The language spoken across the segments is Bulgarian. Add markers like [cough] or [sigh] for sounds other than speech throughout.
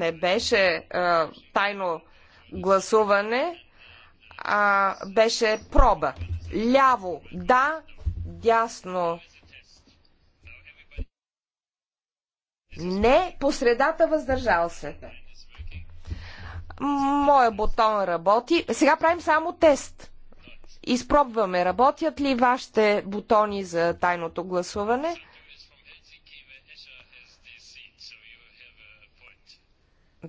не беше а, тайно гласуване, а, беше проба. Ляво да, дясно не, по средата въздържал се. Моя бутон работи. Сега правим само тест. Изпробваме работят ли вашите бутони за тайното гласуване.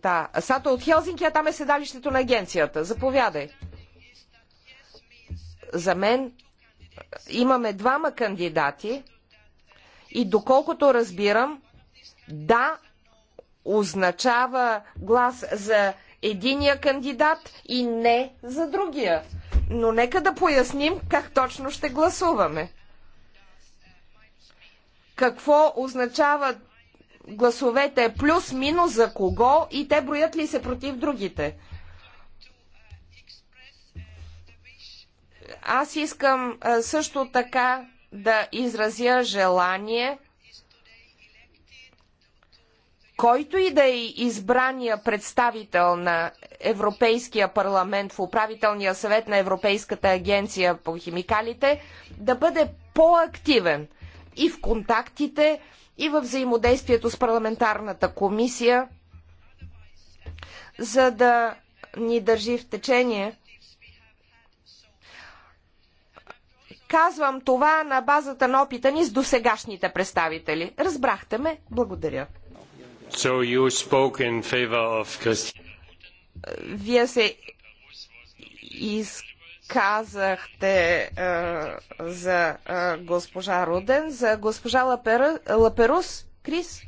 Да, Сато от Хелзинки, а там е седалището на агенцията. Заповядай. За мен е, имаме двама кандидати и доколкото разбирам, да означава глас за единия кандидат и не за другия. Но нека да поясним как точно ще гласуваме. Какво означават гласовете плюс-минус за кого и те броят ли се против другите. Аз искам също така да изразя желание който и да е избрания представител на Европейския парламент в управителния съвет на Европейската агенция по химикалите, да бъде по-активен и в контактите и във взаимодействието с парламентарната комисия, за да ни държи в течение. Казвам това на базата на опита ни с досегашните представители. Разбрахте ме. Благодаря. So you spoke in favor of Вие се изказвате казахте а, е, за а, е, госпожа Руден, за госпожа Лапера, Лаперус, Крис.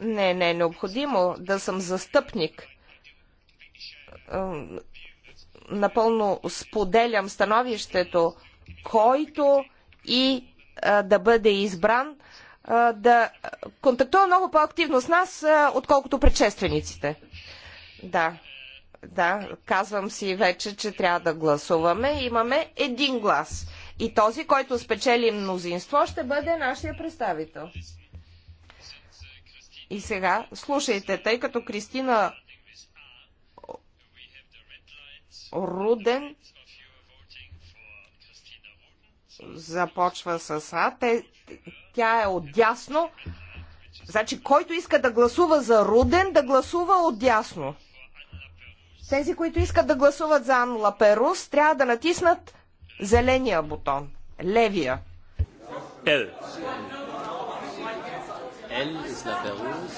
Не, не е необходимо да съм застъпник. А, напълно споделям становището, който и а, е, да бъде избран, а, да контактува много по-активно с нас, а, отколкото предшествениците. Да. Да, казвам си вече, че трябва да гласуваме. Имаме един глас. И този, който спечели мнозинство, ще бъде нашия представител. И сега, слушайте, тъй като Кристина Руден започва с А, те, тя е отдясно. Значи, който иска да гласува за Руден, да гласува отдясно. Тези, които искат да гласуват за Ан Лаперус, трябва да натиснат зеления бутон. Левия. Ел. Ел is Лаперус.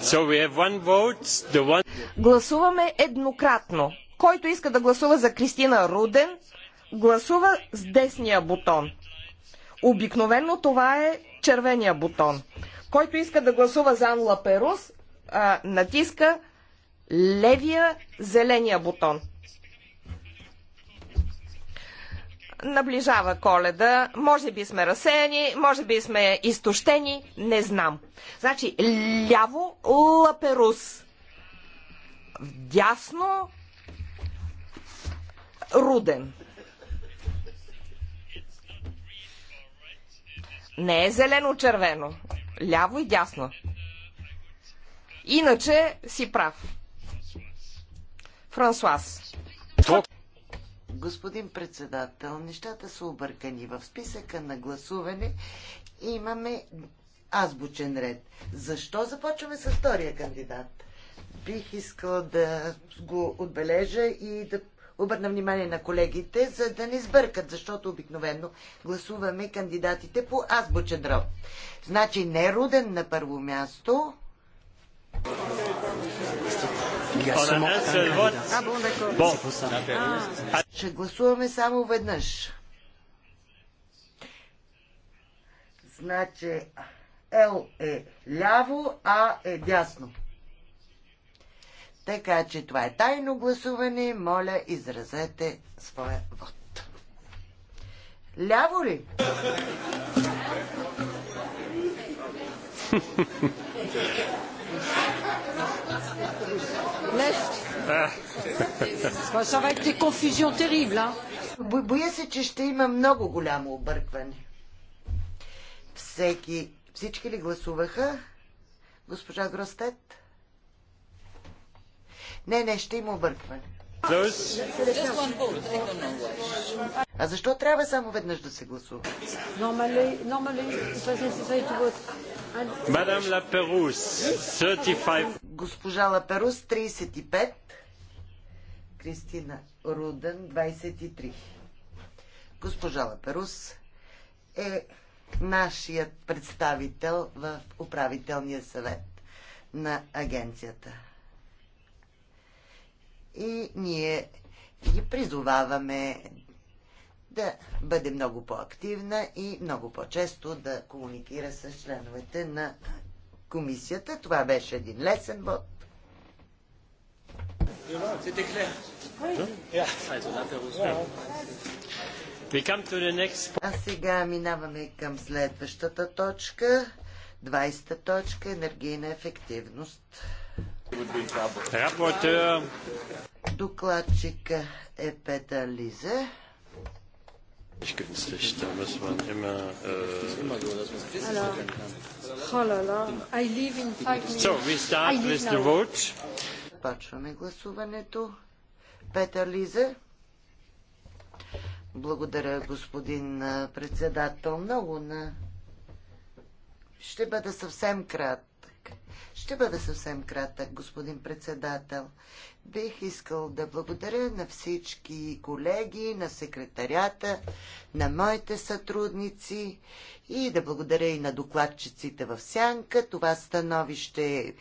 So we have one vote, the one... Гласуваме еднократно. Който иска да гласува за Кристина Руден, гласува с десния бутон. Обикновено това е червения бутон. Който иска да гласува за Ан Лаперус, а, натиска левия зеления бутон. Наближава коледа, може би сме разсеяни, може би сме изтощени, не знам. Значи, ляво лаперус, дясно руден. Не е зелено-червено. Ляво и дясно. Иначе си прав. Франсуаз. Господин председател, нещата са объркани. В списъка на гласуване имаме азбучен ред. Защо започваме с втория кандидат? Бих искала да го отбележа и да обърна внимание на колегите, за да не сбъркат, защото обикновено гласуваме кандидатите по азбучен род. Значи не е Руден на първо място, е. ще гласуваме само веднъж. Значи L е ляво, А е дясно. Така че това е тайно гласуване. Моля, изразете своя вод. Ляво ли? [laughs] left. Ça va être Боя се, че ще има много голямо объркване. Всеки, всички ли гласуваха? Госпожа Гростет? Не, не, ще има объркване. А защо трябва само веднъж да се гласува? Мадам Перус, 35 госпожа Лаперус 35, Кристина Руден 23. Госпожа Лаперус е нашият представител в управителния съвет на агенцията. И ние ги призоваваме да бъде много по-активна и много по-често да комуникира с членовете на комисията. Това беше един лесен вод. А сега минаваме към следващата точка. 20-та точка енергийна ефективност. Докладчика е Петър Лизе nicht günstig. Da muss man immer. Äh so, we start with the vote. Започваме гласуването. Петър Лиза. Благодаря, господин председател. Много на... Ще бъда съвсем кратък. Ще бъда съвсем кратък, господин председател. Бих искал да благодаря на всички колеги, на секретарята, на моите сътрудници и да благодаря и на докладчиците в Сянка. Това становище е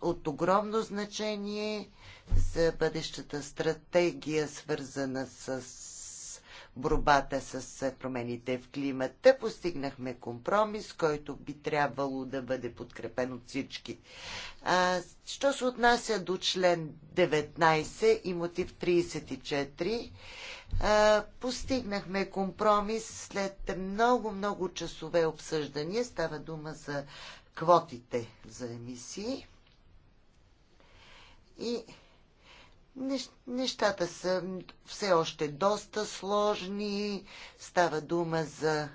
от огромно значение за бъдещата стратегия, свързана с борбата с промените в климата. Постигнахме компромис, който би трябвало да бъде подкрепен от всички. А, що се отнася до член 19 и мотив 34, а, постигнахме компромис след много-много часове обсъждания. Става дума за квотите за емисии. И Нещата са все още доста сложни. Става дума за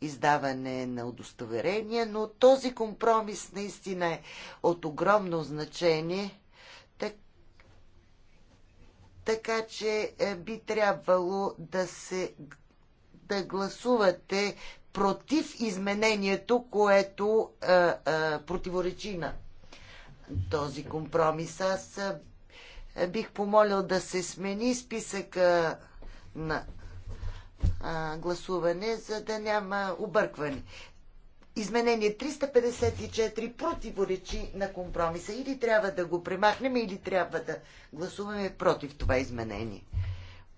издаване на удостоверения, но този компромис наистина е от огромно значение. Так, така че е, би трябвало да се да гласувате против изменението, което а, е, а, е, противоречи на този компромис. Аз бих помолил да се смени списъка на а, гласуване, за да няма объркване. Изменение 354 противоречи на компромиса. Или трябва да го премахнем, или трябва да гласуваме против това изменение.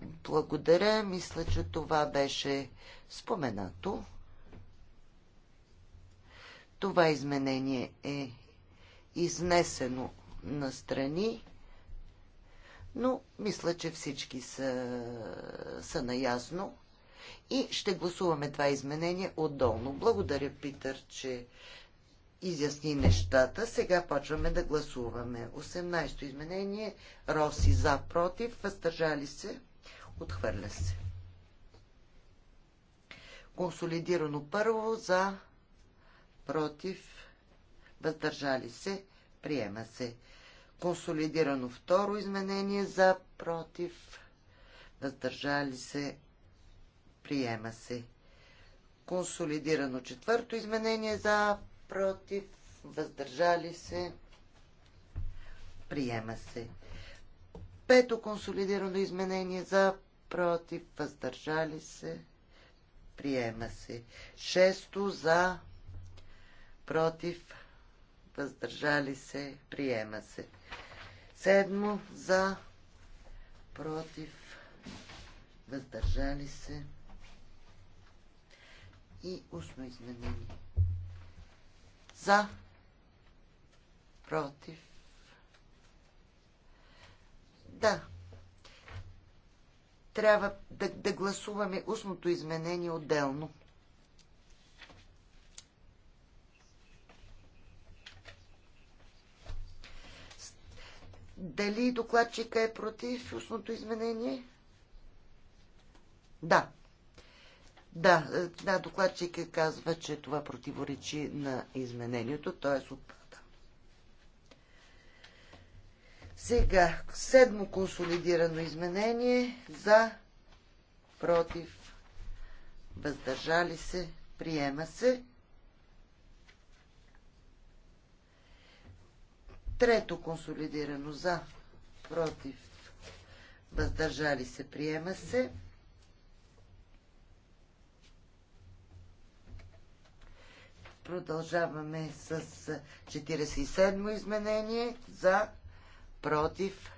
Благодаря. Мисля, че това беше споменато. Това изменение е изнесено на страни но мисля, че всички са, са наясно и ще гласуваме това изменение отдолно. Благодаря, Питър, че изясни нещата. Сега почваме да гласуваме. 18-то изменение. Роси за, против, въздържали се, отхвърля се. Консолидирано първо за, против, въздържали се, приема се консолидирано второ изменение за против въздържали се приема се консолидирано четвърто изменение за против въздържали се приема се пето консолидирано изменение за против въздържали се приема се шесто за против въздържали се приема се Седмо за, против, въздържали се и устно изменение. За, против. Да. Трябва да, да гласуваме устното изменение отделно. Дали докладчика е против устното изменение? Да. Да, е, да, докладчика казва, че това противоречи на изменението, т.е. отпада. Сега, седмо консолидирано изменение за против въздържали се, приема се. Трето консолидирано за, против, въздържали се, приема се. Продължаваме с 47-мо изменение за, против,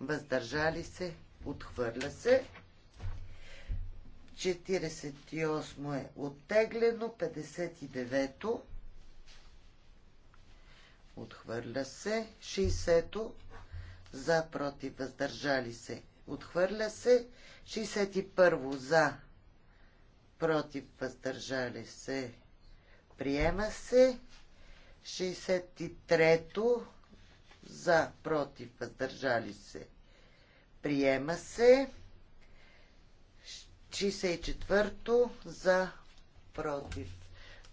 въздържали се, отхвърля се. 48 е оттеглено, 59-то Отхвърля се. 60-то. За, против, въздържали се. Отхвърля се. 61-во. За, против, въздържали се. Приема се. 63-то. За, против, въздържали се. Приема се. 64-то. За, против,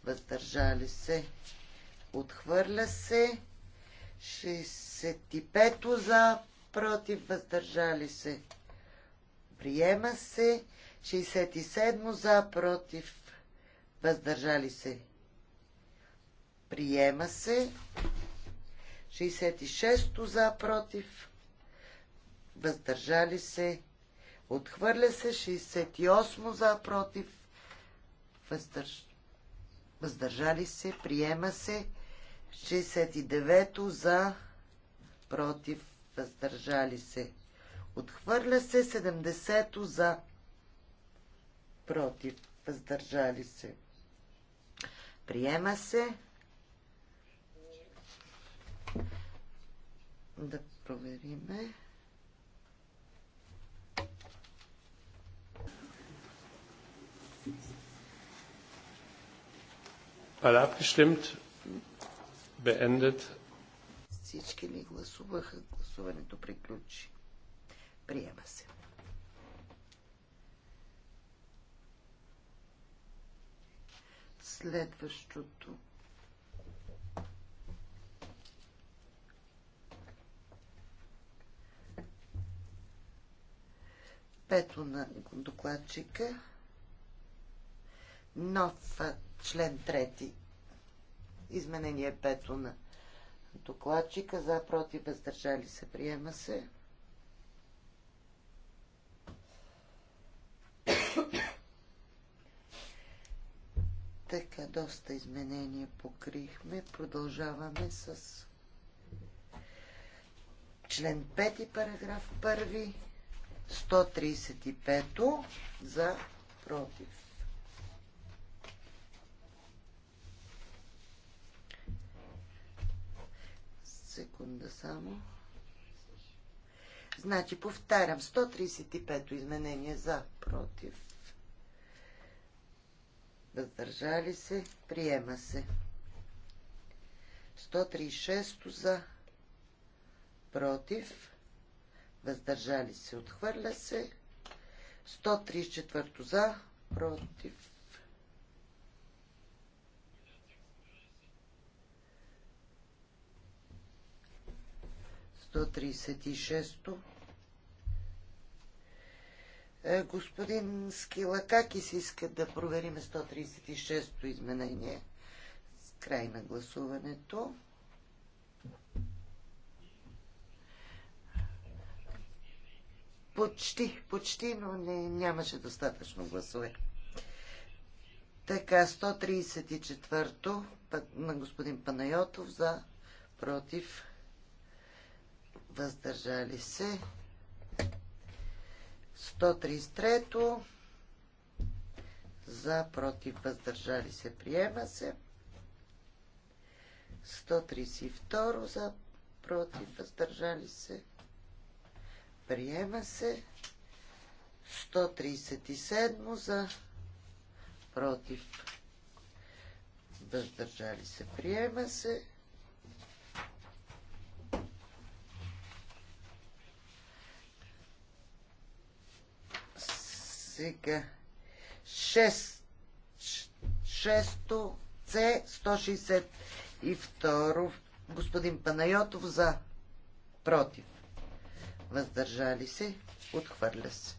въздържали се. Отхвърля се. 65-то за, против, въздържали се. Приема се. 67 за, против, въздържали се. Приема се. 66 за, против, въздържали се. Отхвърля се. 68 за, против, въздържали се. Приема се. 69 за, против, въздържали се. Отхвърля се 70 за, против, въздържали се. Приема се. Да провериме. Alle abgestimmt? Всички ли гласуваха? Гласуването приключи. Приема се. Следващото пето на докладчика, нов член трети Изменение пето на докладчика. За, против, въздържали се. Приема се. Така, доста изменения покрихме. Продължаваме с член 5, параграф 1, 135 за против. секунда само. Значи, повтарям, 135-то изменение за, против, въздържали се, приема се. 136-то за, против, въздържали се, отхвърля се. 134-то за, против, 136-то. Е, господин Скилакакис иска да проверим 136-то изменение. с Край на гласуването. Почти, почти, но не, нямаше достатъчно гласове. Така, 134-то на господин Панайотов за против въздържали се. 133 за, против, въздържали се, приема се. 132 за, против, въздържали се, приема се. 137 за, против, въздържали се, приема се. Сега. 6. 6 С. 162. Господин Панайотов за. Против. Въздържали се. Отхвърля се.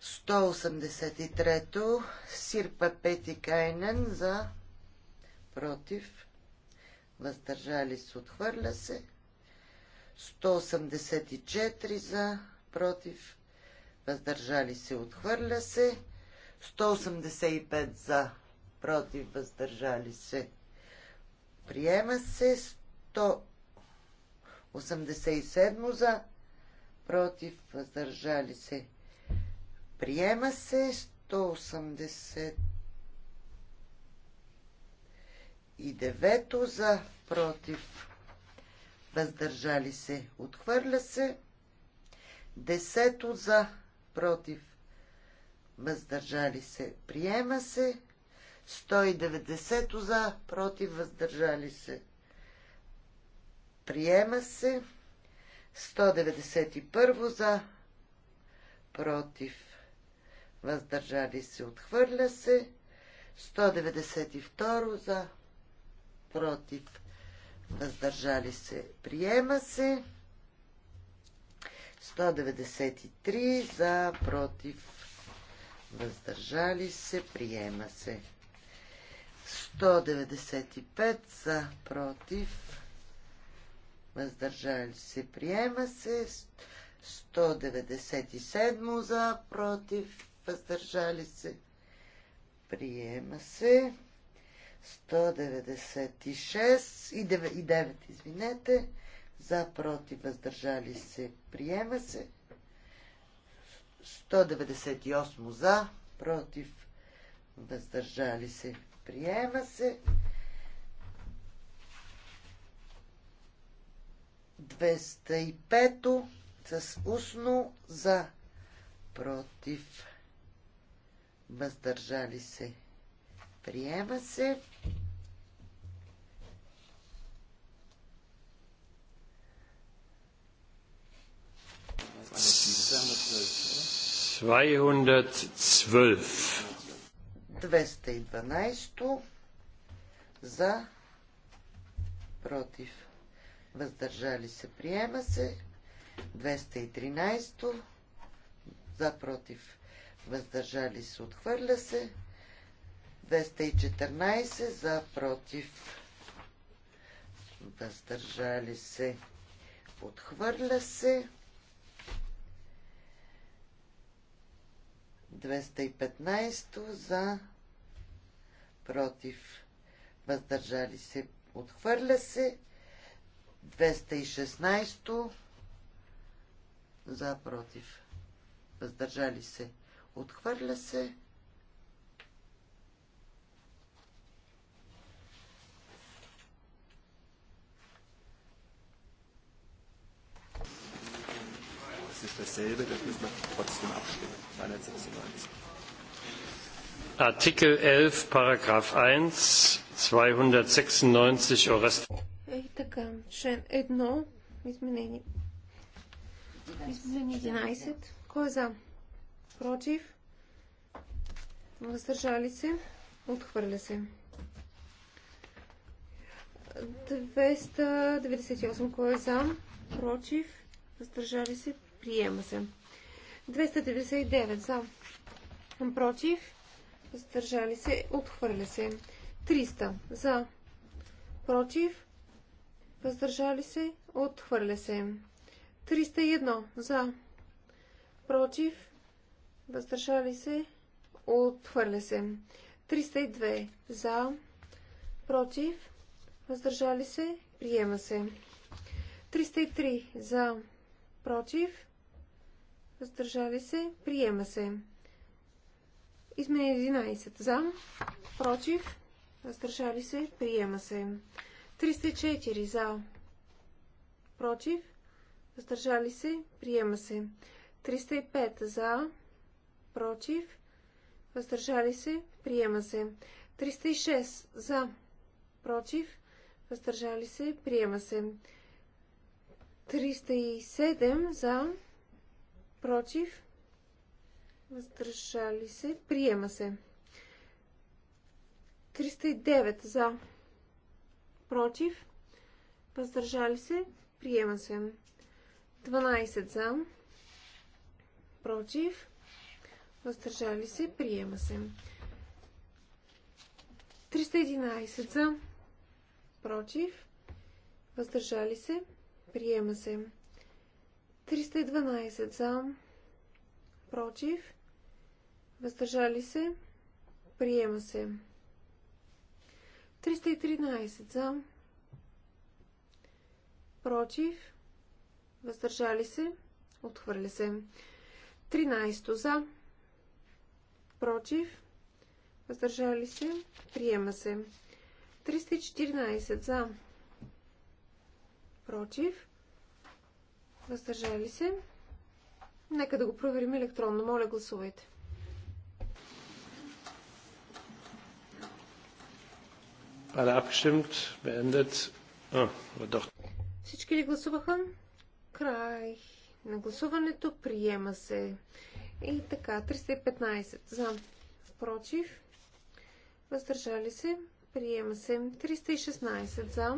Сто осемдесет трето Сирпа Пети Кайнен за против въздържали се, отхвърля се. 184 за, против, въздържали се, отхвърля се. 185 за, против, въздържали се, приема се. 187 за, против, въздържали се, приема се. 180 и 9 за, против, въздържали се, отхвърля се. Десето за, против, въздържали се, приема се. 190 за, против, въздържали се, приема се. 191 за, против, въздържали се, отхвърля се. 192 за, против, въздържали се, приема се. 193 за, против, въздържали се, приема се. 195 за, против, въздържали се, приема се. 197 за, против, въздържали се, приема се. 196 и 9, извинете. За, против, въздържали се, приема се. 198 за, против, въздържали се, приема се. 205 с устно за, против, въздържали се, Приема се. Zweihundertzwölf. 212 за против въздържали се приема се 213 за против въздържали се отхвърля се 214 за против. Въздържали се. Отхвърля се. 215 за против. Въздържали се. Отхвърля се. 216 за против. Въздържали се. Отхвърля се. praktisch dasselbe. Das müssen wir trotzdem abstimmen. Artikel 11, Paragraph 1, 296 Orest. И така, член 1, изменение. Изменение 11. Кой е за? Против? Въздържали се? Отхвърля се. 298. Кой е за? Против? Въздържали се? Приема се. 299 за. Против. Въздържали се. Отхвърля се. 300 за. Против. Въздържали се. Отхвърля се. 301 за. Против. Въздържали се. Отхвърля се. 302 за. Против. Въздържали се. Приема се. 303 за. Против. Въздържали се. Приема се. Изменение 11. За. Против. Въздържали се. Приема се. 304. За. Против. Въздържали се. Приема се. 305. За. Против. Въздържали се. Приема се. 306. За. Против. Въздържали се. Приема се. 307. За против, въздържали се, приема се. 309 за, против, въздържали се, приема се. 12 за, против, въздържали се, приема се. 311 за, против, въздържали се, приема се. 312 за, против, въздържали се, приема се. 313 за, против, въздържали се, отхвърля се. 13 за, против, въздържали се, приема се. 314 за, против, Въздържали се. Нека да го проверим електронно. Моля, гласувайте. Ah, Всички ли гласуваха? Край на гласуването. Приема се. И така, 315 за, против, въздържали се, приема се. 316 за,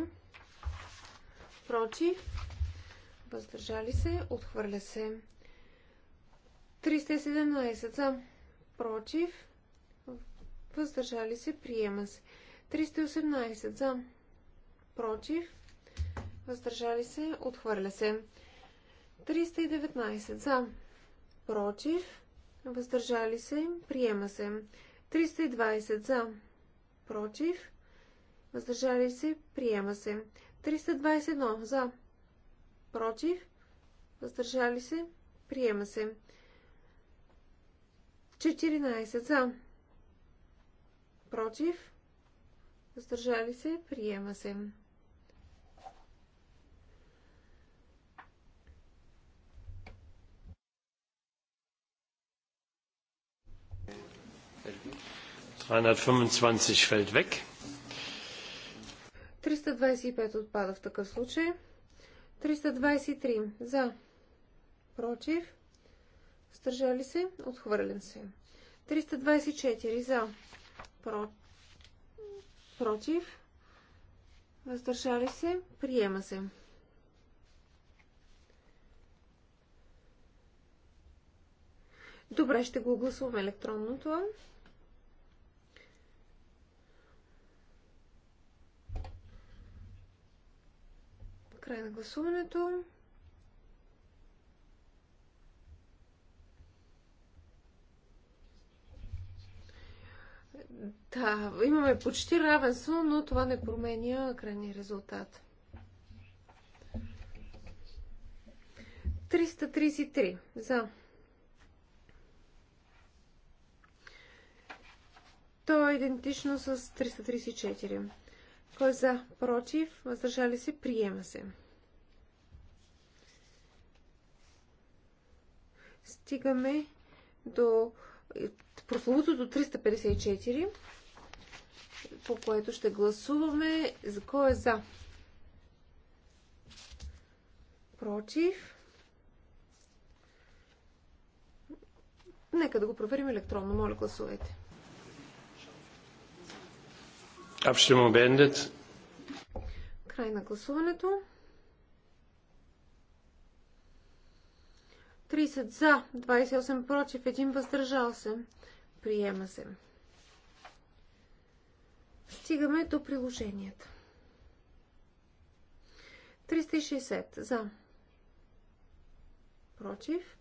против, въздържали се, отхвърля се. 317 за, против, въздържали се, приема се. 318 за, против, въздържали се, отхвърля се. 319 за, против, въздържали се, приема се. 320 за, против, въздържали се, приема се. 321 за, против, въздържали се, приема се. 14 за, против, въздържали се, приема се. fällt weg. 325 отпада в такъв случай. 323 за, против, Стържали се, отхвърлен се. 324 за, про, против, въздържали се, приема се. Добре, ще го гласуваме електронното. Край на гласуването. Да, имаме почти равенство, но това не променя крайния резултат. 333 за. То е идентично с 334. Кой е за? Против? Въздържали се? Приема се. Стигаме до прословутото 354, по което ще гласуваме за кой е за. Против. Нека да го проверим електронно. Моля, гласувайте. Abstimmung beendet. Край на гласуването. 30 за, 28 против, 1 въздържал се. Приема се. Стигаме до приложенията. 360 за. Против.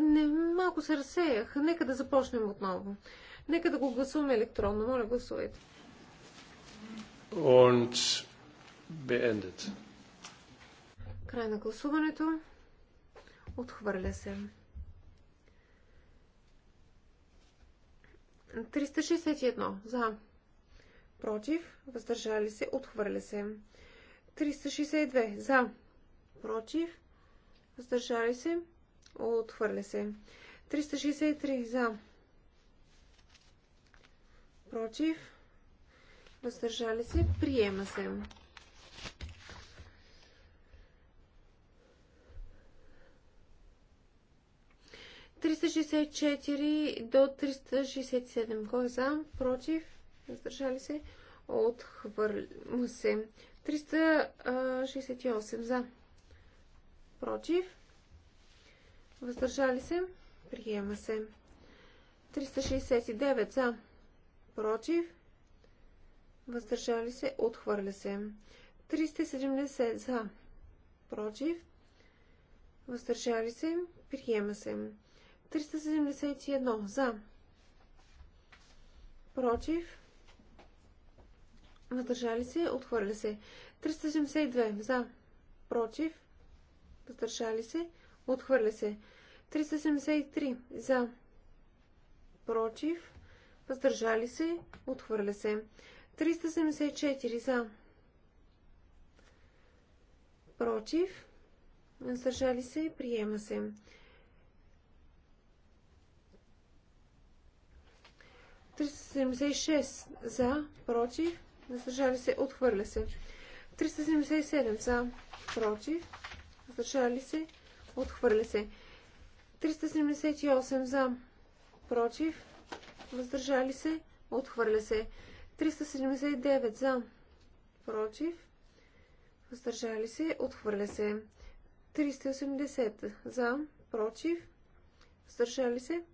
Не, малко се разсеях. Нека да започнем отново. Нека да го гласуваме електронно. Моля, гласувайте. Und beendet. Край на гласуването. Отхвърля се. 361 за. Против. Въздържали се. Отхвърля се. 362 за. Против. Въздържали се. Отхвърля се. 363 за. Против. Въздържали се. Приема се. ...364 до 367. Кой е за? Против? Въздържали се? Отхвърля се. 368 за. Против? Въздържали се? Приема се. 369 за. Против. Въздържали се? Отхвърля се. 370 за. Против. Въздържали се? Приема се. 371 за. Против. Въздържали се? Отхвърля се. 372 за. Против. Въздържали се? Отхвърля се. 373 за. Против. Въздържали се. Отхвърля се. 374 за. Против. Въздържали се. Приема се. ...376 за, против, въздържали се, отхвърля се. 377 за, против, въздържали се, Отхвърля се. 378 за. Против. Въздържали се. Отхвърля се. 379 за. Против. Въздържали се. Отхвърля се. 380 за. Против. Въздържали се.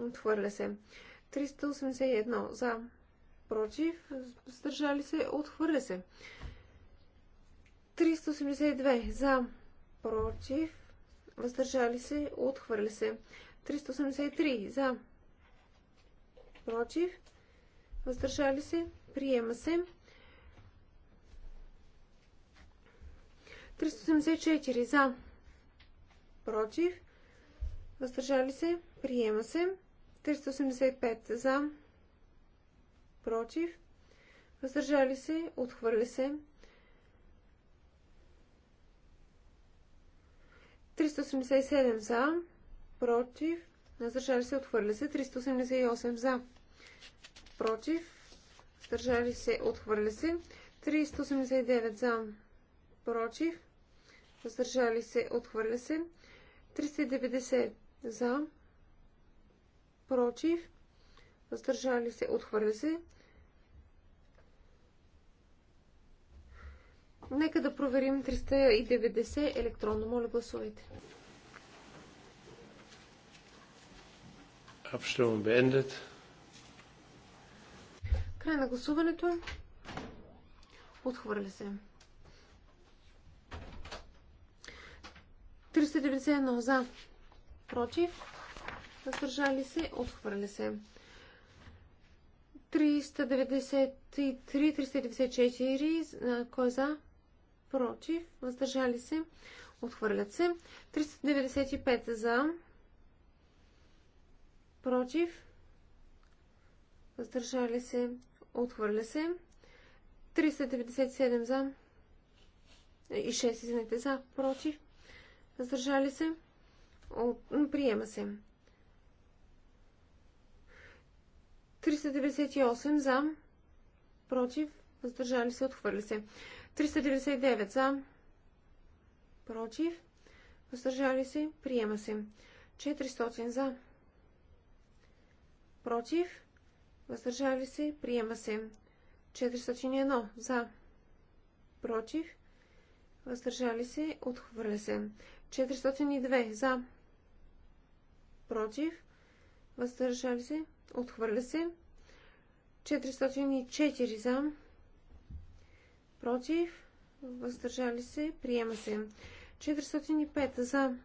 Отхвърля се. 381 за. Против. Въздържали се. Отхвърля се. 382 за. Против въздържали се, отхвърля се. 383 за, против, въздържали се, приема се. 384 за, против, въздържали се, приема се. 385 за, против, въздържали се, отхвърля се. 387 за, против, въздържали се, отхвърля се. 388 за, против, въздържали се, отхвърля се. 389 за, против, въздържали се, отхвърля се. 390 за, против, въздържали се, отхвърля се. Нека да проверим 390 електронно. Моля, гласувайте. Abstimmung бендет. Край на гласуването. Отхвърля се. 391 за. Против. Въздържали се. Отхвърля се. 393, 394. Кой е за? против, въздържали се, отхвърлят се. 395 за, против, въздържали се, отхвърля се. 397 за и 6 извинете за, против, въздържали се, от, приема се. 398 за, против, въздържали се, отхвърли се. 399 за, против, въздържали се, приема се. 400 за, против, въздържали се, приема се. 401 за, против, въздържали се, отхвърля се. 402 за, против, въздържали се, отхвърля се. 404 за, против, въздържали се, приема се. 405 за.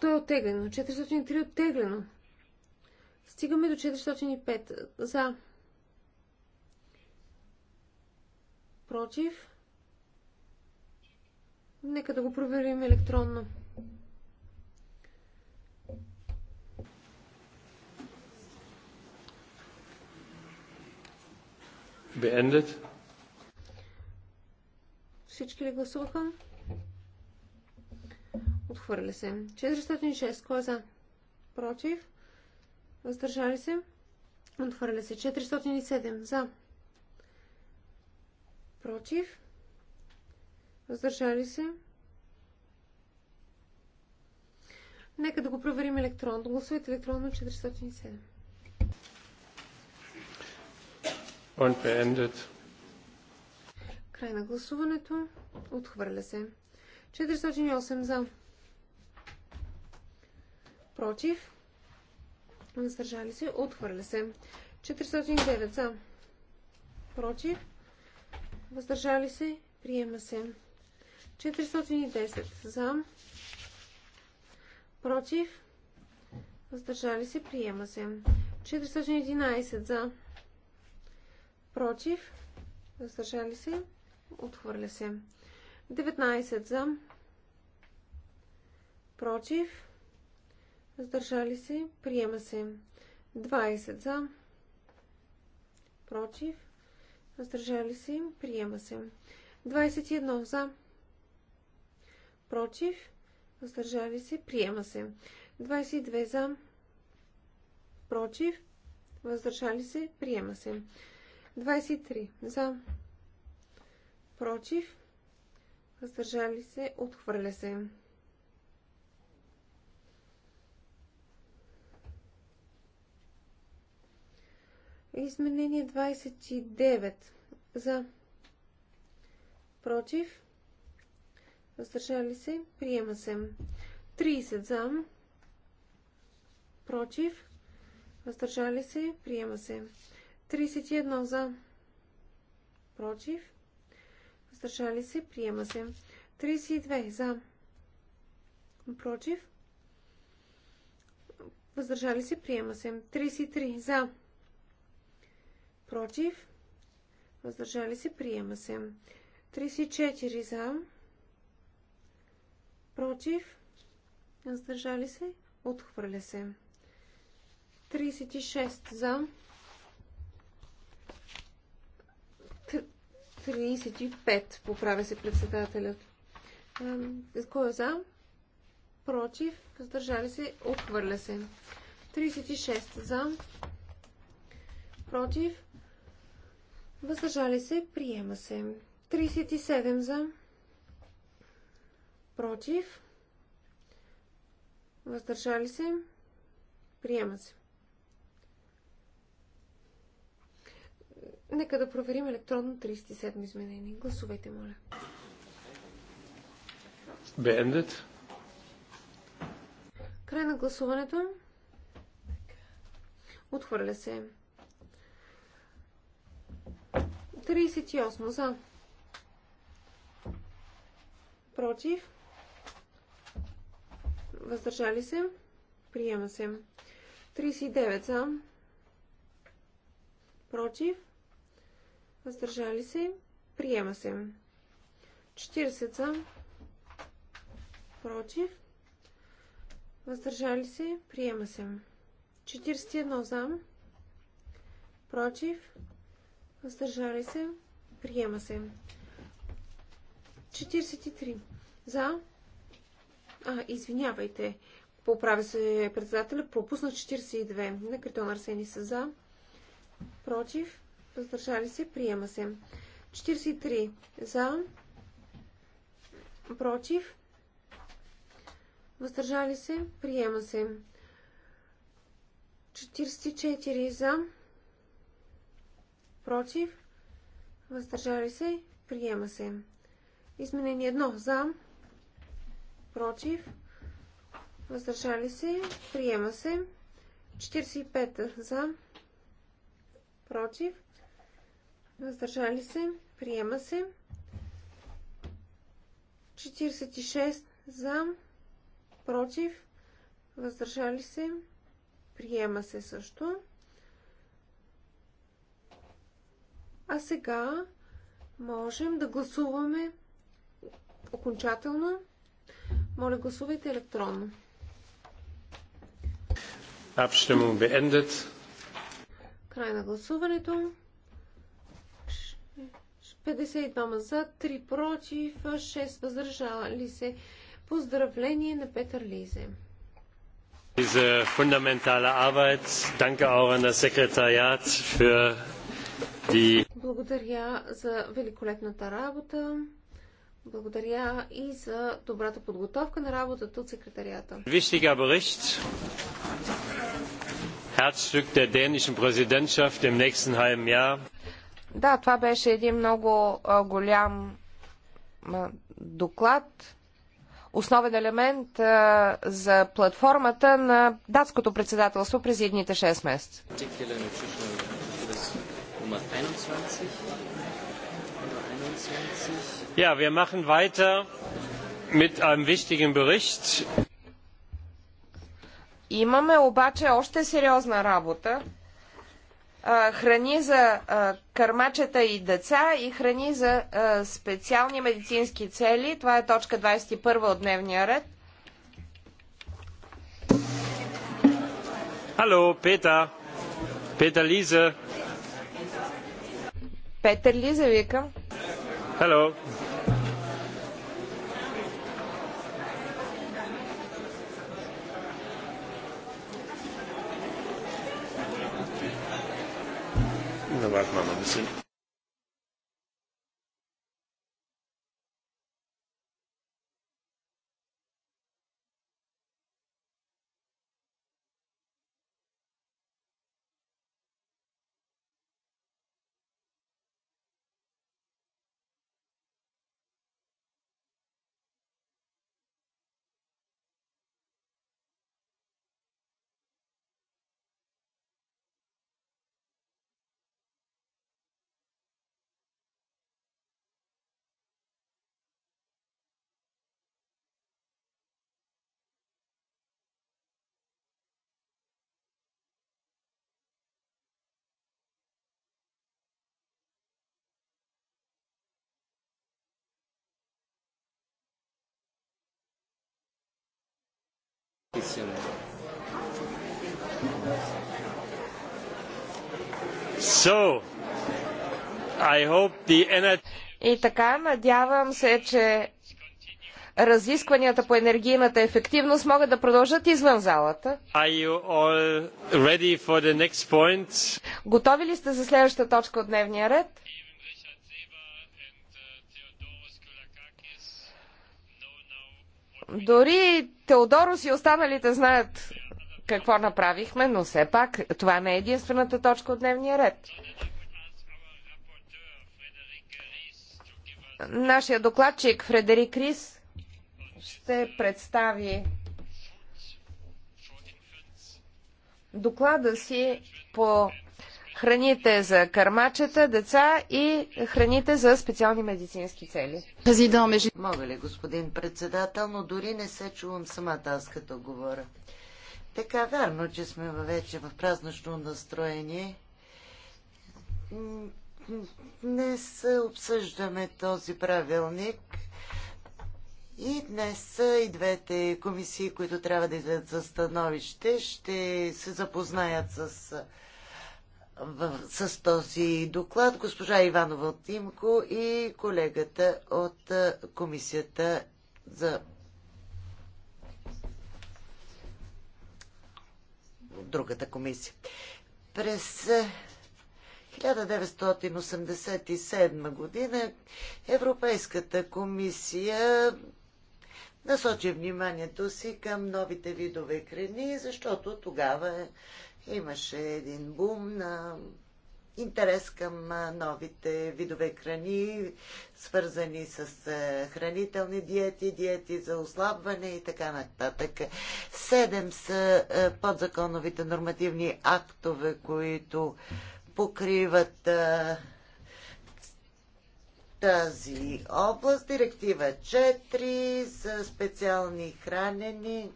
той е оттеглено. 403 оттеглено. Стигаме до 405 за. Против. Нека да го проверим електронно. beendet. Всички ли гласуваха? Отхвърля се. 406. Кой е за? Против. Въздържали се. Отхвърли се. 407. За. Против. Въздържали се. Нека да го проверим електронно. Гласувайте електронно 407. Und beendet. Край на гласуването. Отхвърля се. 408 за. Против. Въздържали се. Отхвърля се. 409 за. Против. Въздържали се. Приема се. 410 за. Против. Въздържали се. Приема се. 411 за против, въздържали се, отхвърля се. 19 за, против, въздържали се, приема се. 20 за, против, въздържали се, приема се. 21 за, против, въздържали се, приема се. 22 за, против, въздържали се, приема се. 23 за. Против. Въздържали се. Отхвърля се. Изменение 29 за. Против. Въздържали се. Приема се. 30 за. Против. Въздържали се. Приема се. 31 за. Против. Въздържали се. Приема се. 32 за. Против. Въздържали се. Приема се. 33 за. Против. Въздържали се. Приема се. 34 за. Против. Въздържали се. Отхвърля се. 36 за. 35. Поправя се председателят. Кой е за? Против. Въздържали се. Отхвърля се. 36. За. Против. Въздържали се. Приема се. 37. За. Против. Въздържали се. Приема се. Нека да проверим електронно 37 изменение. Гласувайте, моля. Бендет. Край на гласуването. Отхвърля се. 38 за. Против. Въздържали се. Приема се. 39 за. Против въздържали се, приема се. 40 за, против, въздържали се, приема се. 41 за, против, въздържали се, приема се. 43 за, а, извинявайте, поправи се председателя, пропусна 42. На Критон Арсени са за, против, въздържали се, приема се. 43 за, против, въздържали се, приема се. 44 за, против, въздържали се, приема се. Изменение 1 за, против, въздържали се, приема се. 45 за, против, въздържали се, приема се. 46 за, против, въздържали се, приема се също. А сега можем да гласуваме окончателно. Моля, гласувайте електронно. Abstimmung beendet. Край на гласуването. 52 за, 3 против, 6 въздържали се. Поздравление на Петър Лизе. Diese fundamentale Arbeit. Danke auch an das Sekretariat für die... Благодаря за великолепната работа. Благодаря и за добрата подготовка на работата от секретарията. Wichtiger Bericht. Herzstück der dänischen Präsidentschaft im nächsten halben Jahr. Да, това беше един много голям доклад, основен елемент за платформата на датското председателство през едните 6 месеца. Ja, wir machen weiter mit einem wichtigen Bericht. Имаме обаче още сериозна работа храни за кърмачета и деца и храни за специални медицински цели. Това е точка 21 от дневния ред. Hallo, Peter. Peter Лиза. Peter Лиза, викам. Hallo. warte mal ein bisschen. So, I hope the energy... И така, надявам се, че разискванията по енергийната ефективност могат да продължат извън залата. Готови ли сте за следващата точка от дневния ред? Дори Теодорос и останалите знаят какво направихме, но все пак това не е единствената точка от дневния ред. Нашия докладчик Фредерик Рис ще представи доклада си по храните за кърмачета, деца и храните за специални медицински цели. Мога ли, господин председател, но дори не се чувам самата аз като говоря. Така, вярно, че сме вече в празнично настроение. Днес обсъждаме този правилник и днес и двете комисии, които трябва да излезат за становище, ще се запознаят с в, с този доклад госпожа Иванова от Тимко и колегата от комисията за другата комисия. През 1987 година Европейската комисия насочи вниманието си към новите видове храни, защото тогава Имаше един бум на интерес към новите видове храни, свързани с хранителни диети, диети за ослабване и така нататък. Седем са подзаконовите нормативни актове, които покриват тази област. Директива 4 за специални хранени,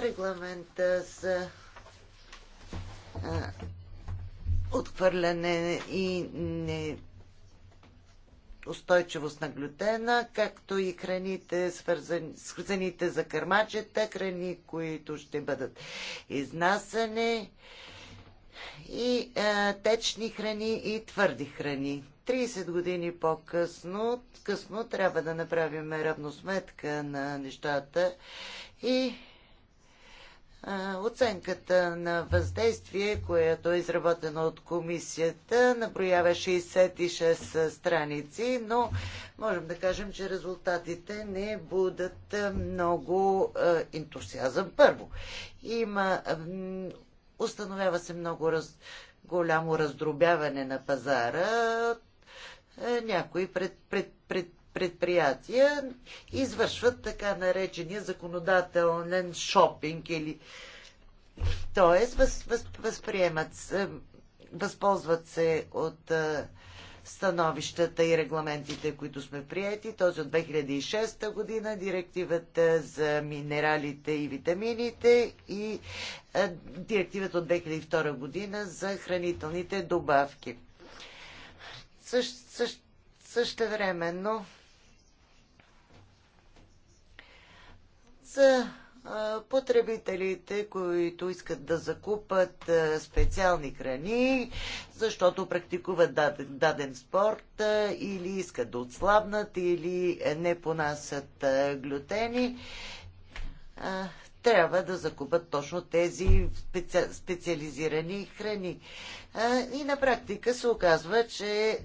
регламента са отхвърляне и не устойчивост на глютена, както и храните, свързани, свързаните за кърмачета, храни, които ще бъдат изнасяне и а, течни храни и твърди храни. 30 години по-късно късно трябва да направим равносметка на нещата и Оценката на въздействие, която е изработена от комисията, наброява 66 страници, но можем да кажем, че резултатите не будат много ентусиазъм. Първо, има, установява се много раз, голямо раздробяване на пазара. Е, някои пред, пред, пред, предприятия извършват така наречения законодателен шопинг или т.е. въз, въз, възприемат, възползват се от а, становищата и регламентите, които сме приети. Този от 2006 година, директивата за минералите и витамините и а, директивата от 2002 година за хранителните добавки. също, също същевременно, За потребителите, които искат да закупат специални храни, защото практикуват даден спорт или искат да отслабнат или не понасят глютени, трябва да закупат точно тези специализирани храни. И на практика се оказва, че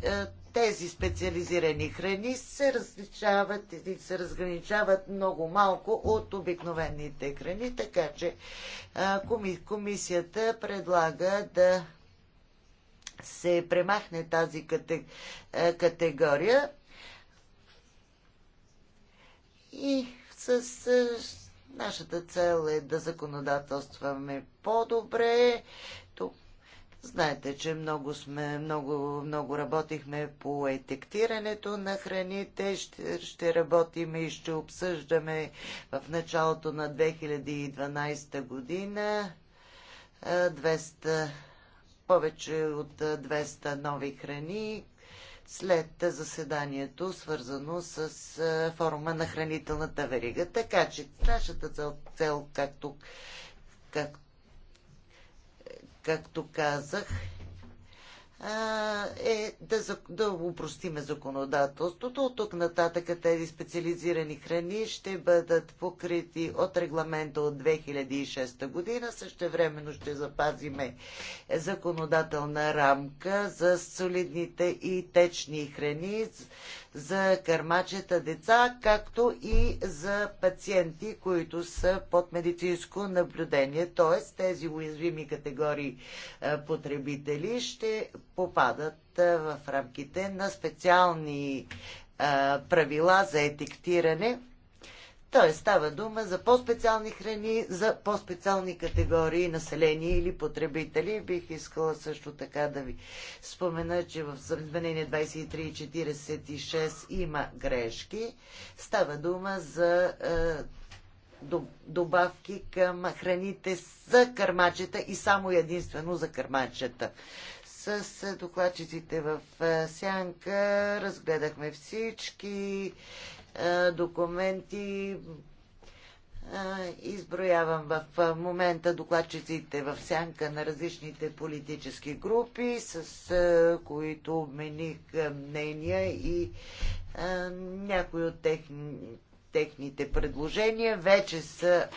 тези специализирани храни се различават и се разграничават много малко от обикновените храни, така че комисията предлага да се премахне тази категория и с нашата цел е да законодателстваме по-добре, тук Знаете, че много, сме, много, много работихме по етектирането на храните. Ще, ще работим и ще обсъждаме в началото на 2012 година 200, повече от 200 нови храни след заседанието, свързано с форума на хранителната верига. Така че нашата цел, цел както, както както казах, е да, да упростиме законодателството. От тук нататък тези специализирани храни ще бъдат покрити от регламента от 2006 година. Същевременно ще запазиме законодателна рамка за солидните и течни храни, за кърмачета деца, както и за пациенти, които са под медицинско наблюдение. Т.е. тези уязвими категории е, потребители ще попадат е, в рамките на специални е, правила за етиктиране – той става дума за по-специални храни, за по-специални категории население или потребители. Бих искала също така да ви спомена, че в изменение 23 и 46 има грешки. Става дума за е, добавки към храните за кърмачета и само единствено за кърмачета. С е, докладчиците в е, Сянка разгледахме всички е, документи. Е, изброявам в е, момента докладчиците в сянка на различните политически групи, с които обмених мнения и някои от техните предложения вече са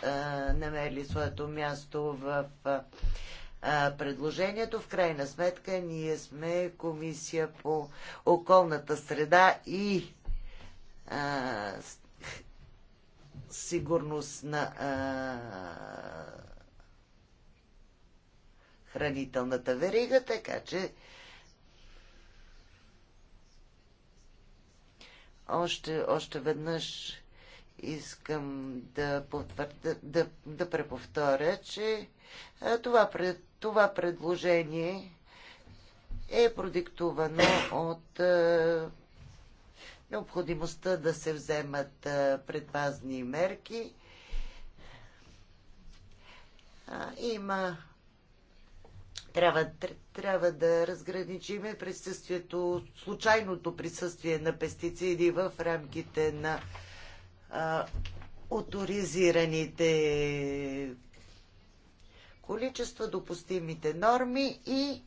намерили своето място в предложението. В крайна сметка ние сме комисия по околната среда и а, сигурност на а, хранителната верига, така че още, още веднъж искам да, потвърда, да, да преповторя, че това, това предложение е продиктовано от необходимостта да се вземат предпазни мерки. Има трябва, трябва да разграничиме присъствието, случайното присъствие на пестициди в рамките на а, авторизираните количества, допустимите норми и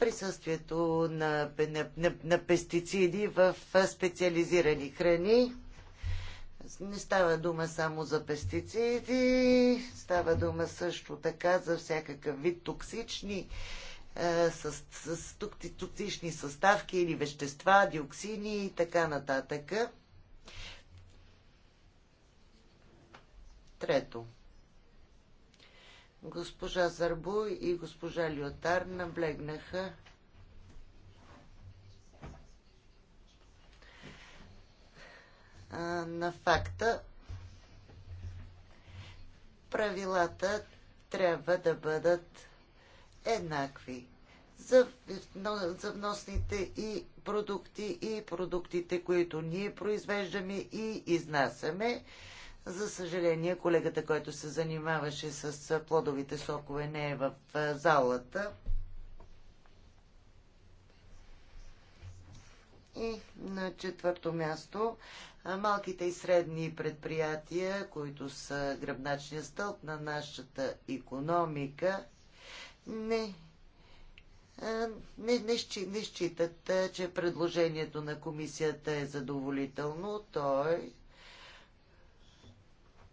присъствието на, на, на, на пестициди в специализирани храни. Не става дума само за пестициди, става дума също така за всякакъв вид токсични е, с, с токсични съставки или вещества, диоксини и така нататък. Трето. Госпожа Зарбо и госпожа Лиотар наблегнаха на факта правилата трябва да бъдат еднакви за, за вносните и продукти и продуктите, които ние произвеждаме и изнасяме. За съжаление, колегата, който се занимаваше с плодовите сокове, не е в залата. И на четвърто място малките и средни предприятия, които са гръбначния стълб на нашата економика, не, не, не, не считат, че предложението на комисията е задоволително. Той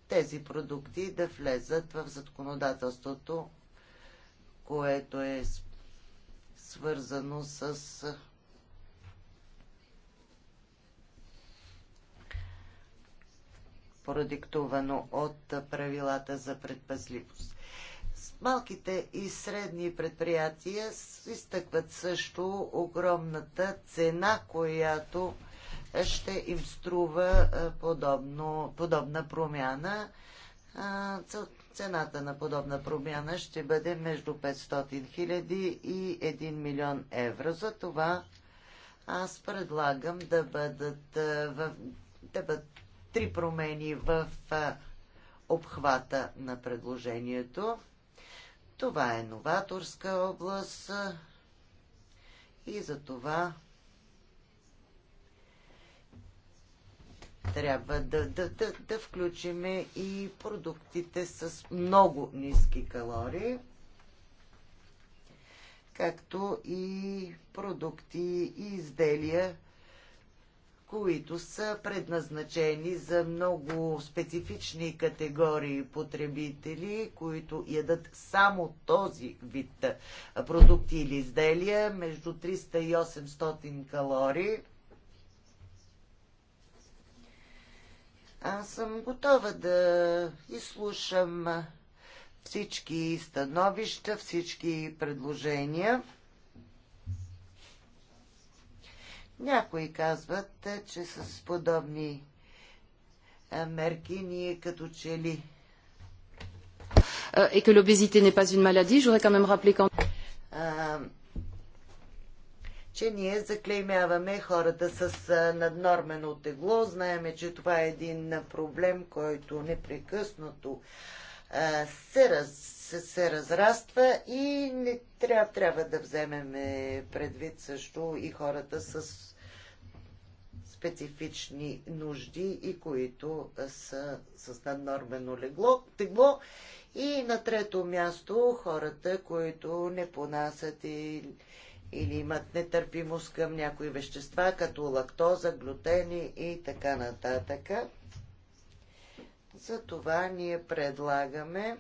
тези продукти да влезат в законодателството, което е свързано с продиктовано от правилата за предпазливост. Малките и средни предприятия изтъкват също огромната цена, която ще им струва подобно, подобна промяна. Цената на подобна промяна ще бъде между 500 хиляди и 1 милион евро. За това аз предлагам да бъдат, да бъдат три промени в обхвата на предложението. Това е новаторска област и за това трябва да, да, да, да включиме и продуктите с много ниски калории, както и продукти и изделия, които са предназначени за много специфични категории потребители, които ядат само този вид продукти или изделия, между 300 и 800 калории Аз съм готова да изслушам всички становища, всички предложения. Някои казват, че с подобни мерки ние като че ли. Et que l'obésité n'est pas une maladie, je quand même че ние заклеймяваме хората с наднормено тегло. Знаеме, че това е един проблем, който непрекъснато се, раз, се разраства и не трябва, трябва да вземем е, предвид също и хората с специфични нужди и които са с наднормено легло, тегло. И на трето място хората, които не понасят и или имат нетърпимост към някои вещества, като лактоза, глютени и така нататък. Затова ние предлагаме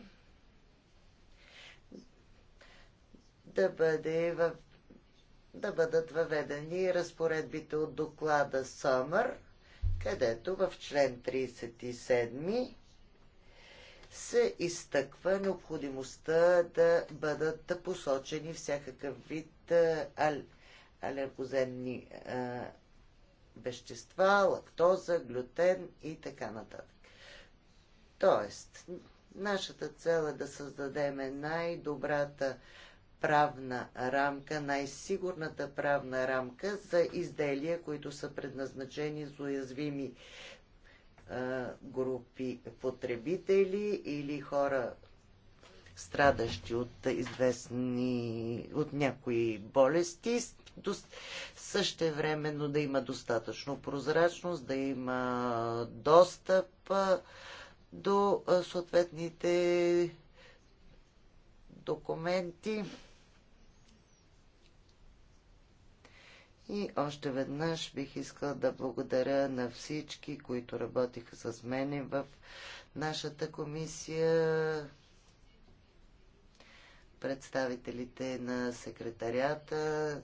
да, бъде в... да бъдат въведени разпоредбите от доклада Съмър, където в член 37 се изтъква необходимостта да бъдат посочени всякакъв вид алергозенни вещества, лактоза, глютен и така нататък. Тоест, нашата цел е да създадем най-добрата правна рамка, най-сигурната правна рамка за изделия, които са предназначени за уязвими групи потребители или хора, страдащи от известни, от някои болести, същевременно да има достатъчно прозрачност, да има достъп до съответните документи. И още веднъж бих искал да благодаря на всички, които работиха с мене в нашата комисия, представителите на секретарията,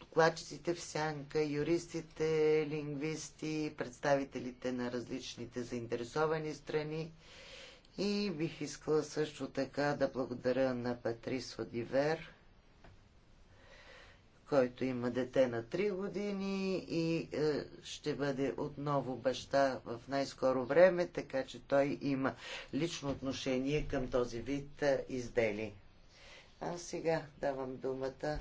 докладчиците в сянка, юристите, лингвисти, представителите на различните заинтересовани страни. И бих искала също така да благодаря на Патрис Одивер – който има дете на 3 години и е, ще бъде отново баща в най-скоро време, така че той има лично отношение към този вид е, изделие. А сега давам думата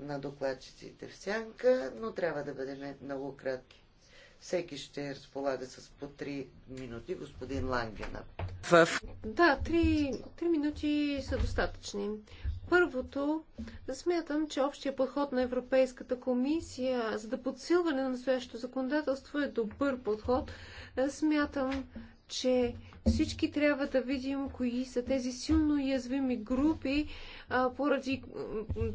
на докладчиците в сянка, но трябва да бъдем много кратки. Всеки ще разполага с по 3 минути, господин Лангена. Да, 3, 3 минути са достатъчни. Първото, смятам, че общия подход на Европейската комисия за да подсилване на настоящото законодателство е добър подход. Смятам, че всички трябва да видим кои са тези силно язвими групи, а, поради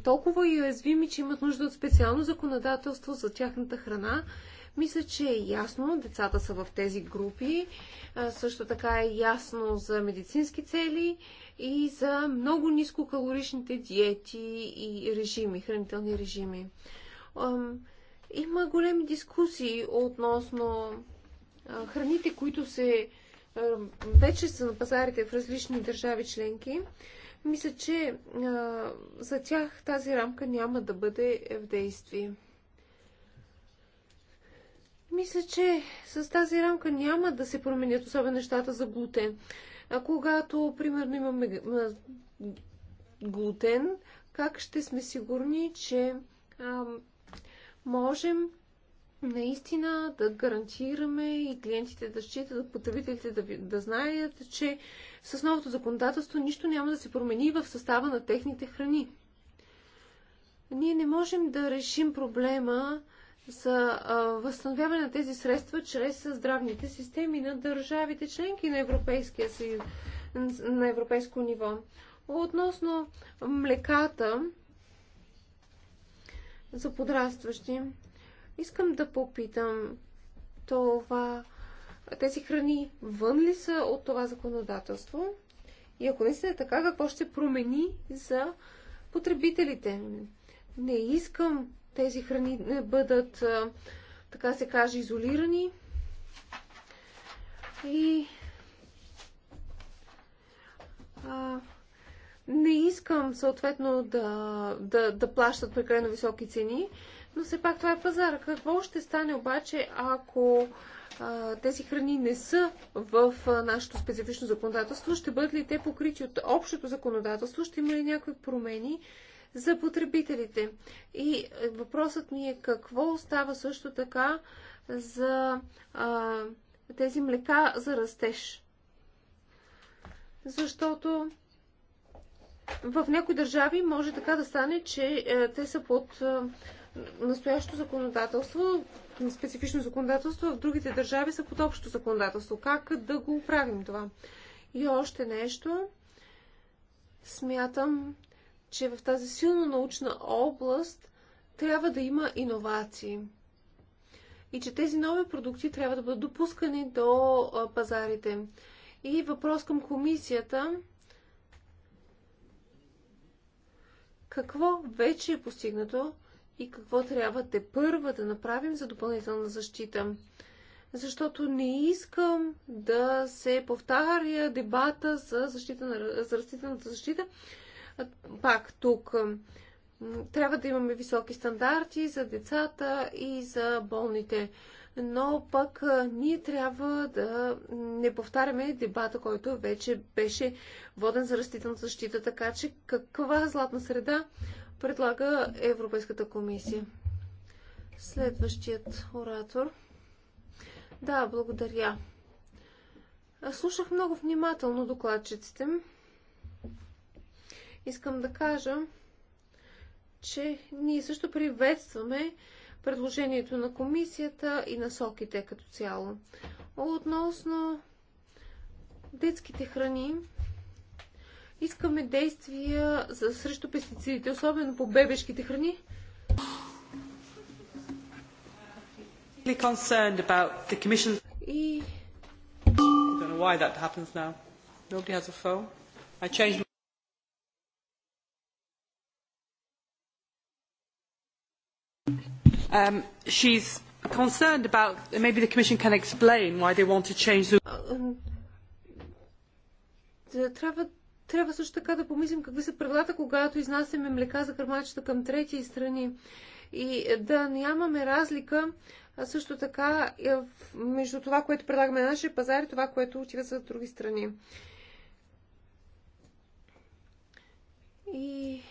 толкова язвими, че имат нужда от специално законодателство за тяхната храна. Мисля, че е ясно, децата са в тези групи, а, също така е ясно за медицински цели и за много нискокалоричните диети и режими, хранителни режими. Има големи дискусии относно храните, които се вече са на пазарите в различни държави членки. Мисля, че за тях тази рамка няма да бъде в действие. Мисля, че с тази рамка няма да се променят особено нещата за глутен. А когато, примерно, имаме глутен, как ще сме сигурни, че а, можем наистина да гарантираме и клиентите да считат, потребителите да, да знаят, че с новото законодателство нищо няма да се промени в състава на техните храни. Ние не можем да решим проблема за възстановяване на тези средства чрез здравните системи на държавите членки на Европейския съюз, на европейско ниво. Относно млеката за подрастващи, искам да попитам това, тези храни вън ли са от това законодателство? И ако не е така, какво ще промени за потребителите? Не искам тези храни е, бъдат, е, така се каже, изолирани. И а, не искам съответно да, да, да плащат прекалено високи цени, но все пак това е пазар. Какво ще стане обаче, ако а, тези храни не са в а, нашето специфично законодателство? Ще бъдат ли те покрити от общото законодателство? Ще има ли някакви промени? за потребителите. И въпросът ми е какво става също така за а, тези млека за растеж. Защото в някои държави може така да стане, че е, те са под е, настоящо законодателство, специфично законодателство, а в другите държави са под общо законодателство. Как да го оправим това? И още нещо. Смятам, че в тази силно научна област трябва да има иновации. И че тези нови продукти трябва да бъдат допускани до пазарите. И въпрос към комисията. Какво вече е постигнато и какво трябва те първа да направим за допълнителна защита? защото не искам да се повтаря дебата за, защита на, за растителната защита, пак тук трябва да имаме високи стандарти за децата и за болните. Но пък ние трябва да не повтаряме дебата, който вече беше воден за растителната защита, така че каква златна среда предлага Европейската комисия. Следващият оратор. Да, благодаря. Слушах много внимателно докладчиците искам да кажа, че ние също приветстваме предложението на комисията и насоките като цяло. Относно детските храни, искаме действия за, срещу пестицидите, особено по бебешките храни. И... I don't know why that happens now. Nobody has a phone. I changed Um, she is concerned about, maybe the Commission can explain why they want to change the... Е, трябва, трябва също така да помислим какви са правилата, когато изнасяме млека за кърмачета към трети страни и е, да нямаме разлика също така е, между това, което предлагаме на нашия пазар и това, което отива за други страни. И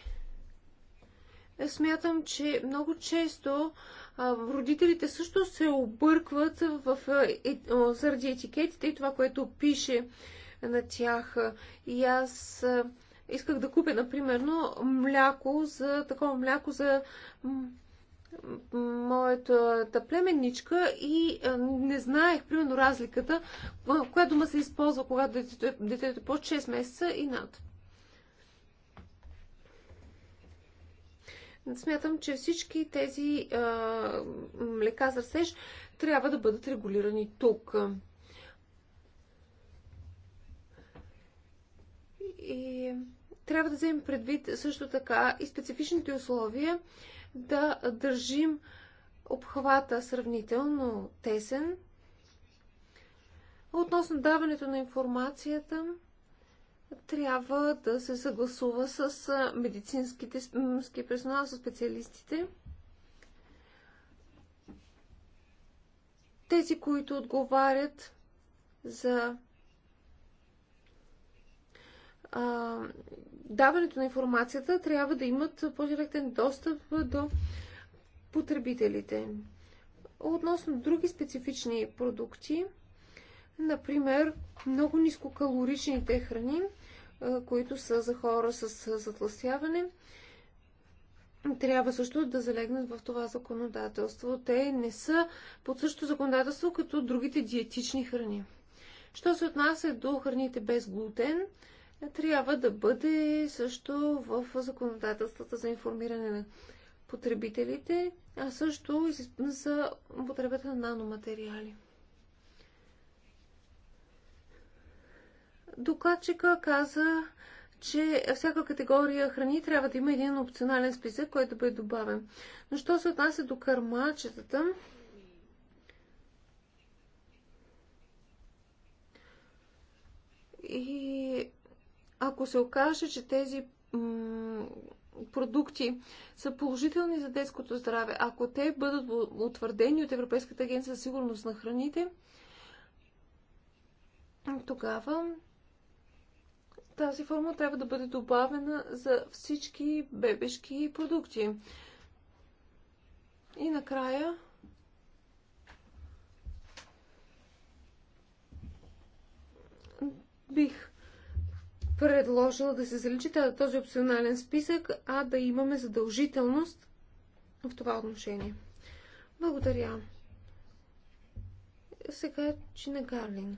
смятам, че много често родителите също се объркват в, е, заради етикетите и това, което пише на тях. И аз исках да купя, например, мляко за такова мляко за моята племенничка и не знаех, примерно, разликата, коя дума се използва, когато детето, детето е по 6 месеца и над. Смятам, че всички тези а, лека за сеж трябва да бъдат регулирани тук. И трябва да вземем предвид също така и специфичните условия да държим обхвата сравнително тесен. Относно даването на информацията, трябва да се съгласува с медицинските персонал, с специалистите. Тези, които отговарят за а, даването на информацията, трябва да имат по-директен достъп до потребителите. Относно други специфични продукти, Например, много нискокалоричните храни, които са за хора с затластяване, трябва също да залегнат в това законодателство. Те не са под същото законодателство като другите диетични храни. Що се отнася до храните без глутен, трябва да бъде също в законодателствата за информиране на потребителите, а също за употребата на наноматериали. Докладчика каза, че всяка категория храни трябва да има един опционален списък, който да бъде добавен. Но що се отнася до кърмачетата, и ако се окаже, че тези продукти са положителни за детското здраве, ако те бъдат утвърдени от Европейската агенция за сигурност на храните, тогава тази форма трябва да бъде добавена за всички бебешки продукти. И накрая бих предложила да се заличи този опционален списък, а да имаме задължителност в това отношение. Благодаря. Сега Чина Гарлин.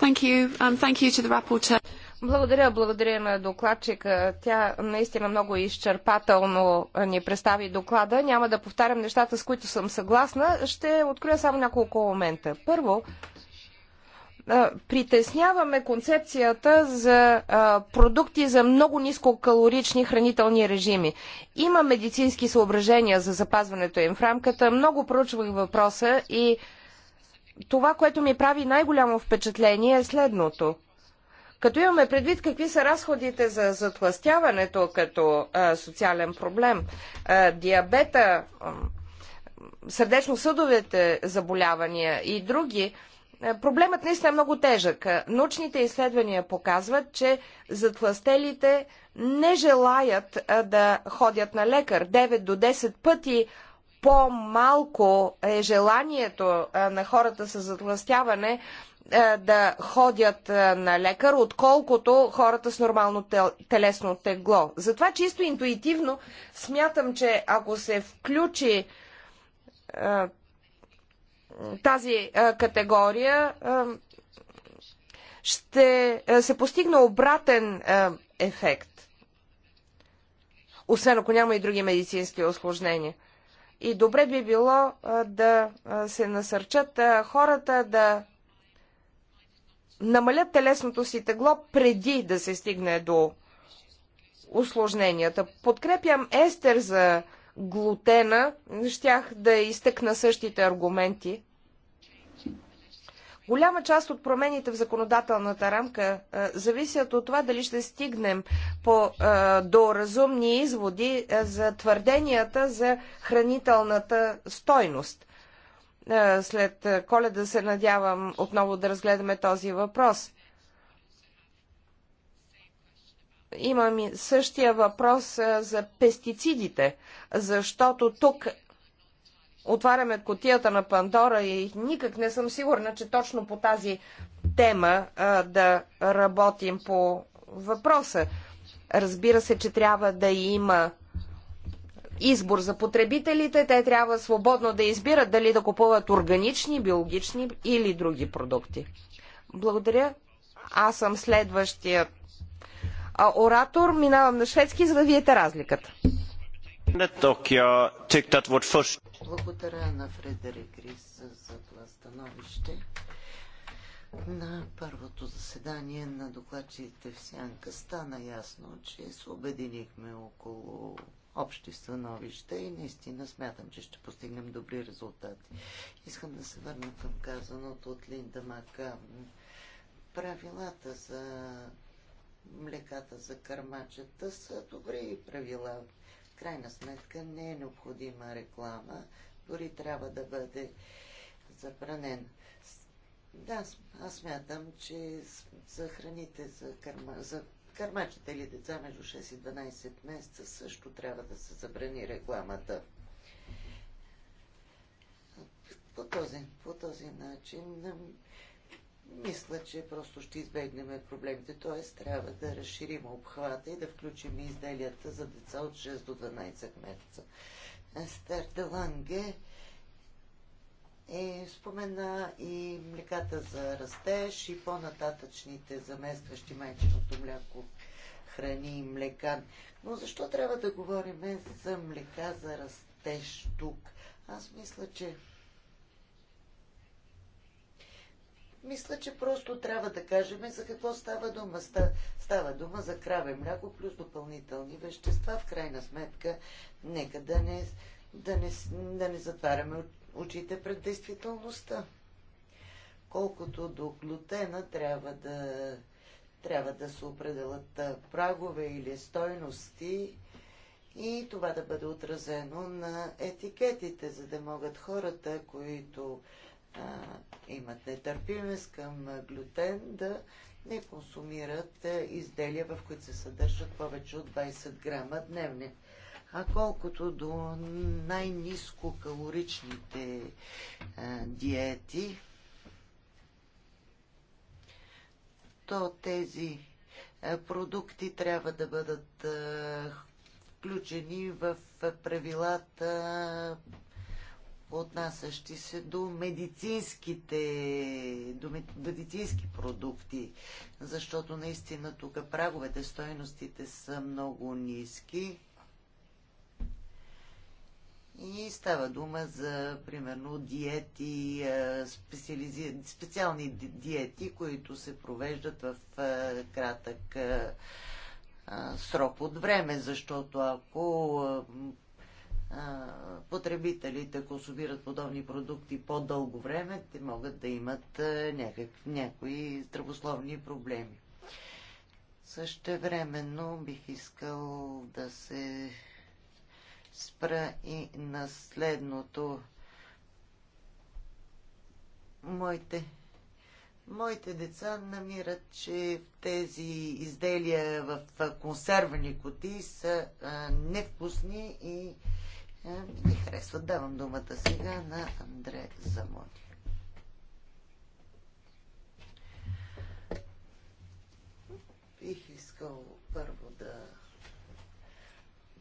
Thank you. Um, thank you to the rapporteur. Благодаря, благодаря на докладчика. Тя наистина много изчерпателно ни представи доклада. Няма да повтарям нещата, с които съм съгласна. Ще откроя само няколко момента. Първо, притесняваме концепцията за продукти за много нискокалорични хранителни режими. Има медицински съображения за запазването им в рамката. Много проучвах въпроса и това, което ми прави най-голямо впечатление е следното. Като имаме предвид какви са разходите за затластяването като а, социален проблем, а, диабета, сърдечно-съдовете заболявания и други, проблемът наистина е много тежък. Научните изследвания показват, че затластелите не желаят да ходят на лекар. 9 до 10 пъти по-малко е желанието на хората с затластяване е, да ходят е, на лекар, отколкото хората с нормално телесно тегло. Затова чисто интуитивно смятам, че ако се включи е, тази категория, ще се постигне обратен ефект. Освен ако няма и други медицински осложнения. И добре би било да се насърчат хората да намалят телесното си тегло преди да се стигне до усложненията. Подкрепям Естер за глутена. Щях да изтъкна същите аргументи. Голяма част от промените в законодателната рамка а, е, зависят от това дали ще стигнем по, а, е, до разумни изводи а, е, за твърденията за хранителната стойност. Е, след е, коледа се надявам отново да разгледаме този въпрос. Имам същия въпрос е, за пестицидите, защото тук отваряме котията на Пандора и никак не съм сигурна, че точно по тази тема да работим по въпроса. Разбира се, че трябва да има избор за потребителите. Те трябва свободно да избират дали да купуват органични, биологични или други продукти. Благодаря. Аз съм следващия оратор. Минавам на шведски, за да видите разликата. Благодаря на Фредерик Рис за това становище. На първото заседание на докладчите в Сянка стана ясно, че се обединихме около общи становища и наистина смятам, че ще постигнем добри резултати. Искам да се върна към казаното от Линда Мака. Правилата за млеката за кармачета са добри правила. В крайна сметка не е необходима реклама, дори трябва да бъде забранен. Да, аз мятам, че за храните за, карма, за Кърмачите или деца между 6 и 12 месеца също трябва да се забрани рекламата. По този, по този начин мисля, че просто ще избегнем проблемите. Т.е. трябва да разширим обхвата и да включим изделията за деца от 6 до 12 месеца. Стартеланге. Деланге е, спомена и млеката за растеж и по-нататъчните заместващи майченото мляко храни и млека. Но защо трябва да говорим за млека за растеж тук? Аз мисля, че Мисля, че просто трябва да кажем за какво става дума. Става дума за краве мляко плюс допълнителни вещества. В крайна сметка, нека да не, да не, да не затваряме очите пред действителността. Колкото до глутена трябва да, трябва да се определят прагове или стойности и това да бъде отразено на етикетите, за да могат хората, които а, имат нетърпимост към глютен, да не консумират изделия, в които се съдържат повече от 20 грама дневни. А колкото до най-низко калоричните диети, то тези продукти трябва да бъдат включени в правилата отнасящи се до медицинските, до медицински продукти, защото наистина тук праговете, стойностите са много ниски. И става дума за, примерно, диети, специализи... специални диети, които се провеждат в кратък срок от време, защото ако потребителите консумират подобни продукти по-дълго време, те могат да имат някак, някои здравословни проблеми. Същевременно бих искал да се спра и на следното. Моите, моите деца намират, че тези изделия в консервни коти са а, невкусни и а, ми харесват. Давам думата сега на Андре Замони. Бих искал първо да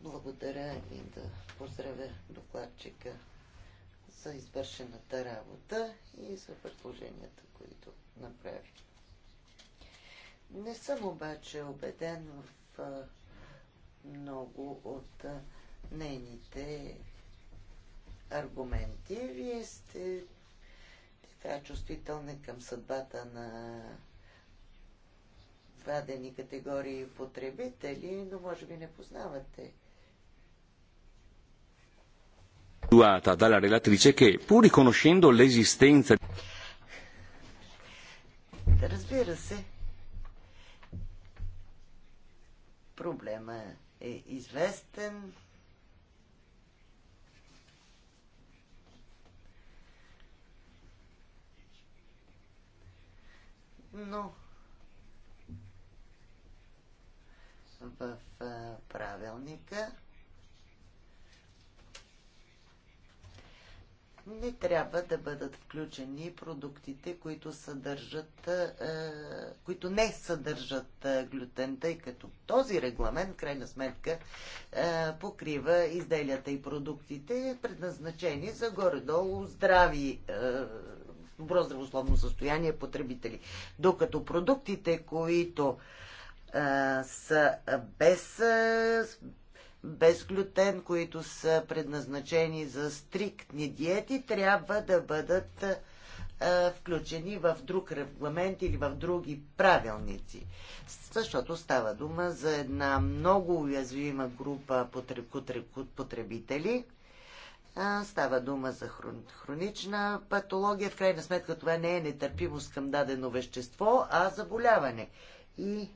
благодаря и да поздравя докладчика за извършената работа и за предложенията, които направи. Не съм обаче убеден в много от нейните аргументи. Вие сте така чувствителни към съдбата на вадени категории потребители, но може би не познавате individuata dalla relatrice che, pur riconoscendo l'esistenza. Разбира се, проблема е известен. Но в правилника не трябва да бъдат включени продуктите, които, съдържат, е, които не съдържат е, глютен, тъй като този регламент, крайна сметка, е, покрива изделията и продуктите, предназначени за горе-долу здрави добро здравословно състояние потребители. Докато продуктите, които са без без глютен, които са предназначени за стриктни диети, трябва да бъдат включени в друг регламент или в други правилници. Защото става дума за една много уязвима група потребители. става дума за хронична патология. В крайна сметка това не е нетърпимост към дадено вещество, а заболяване. И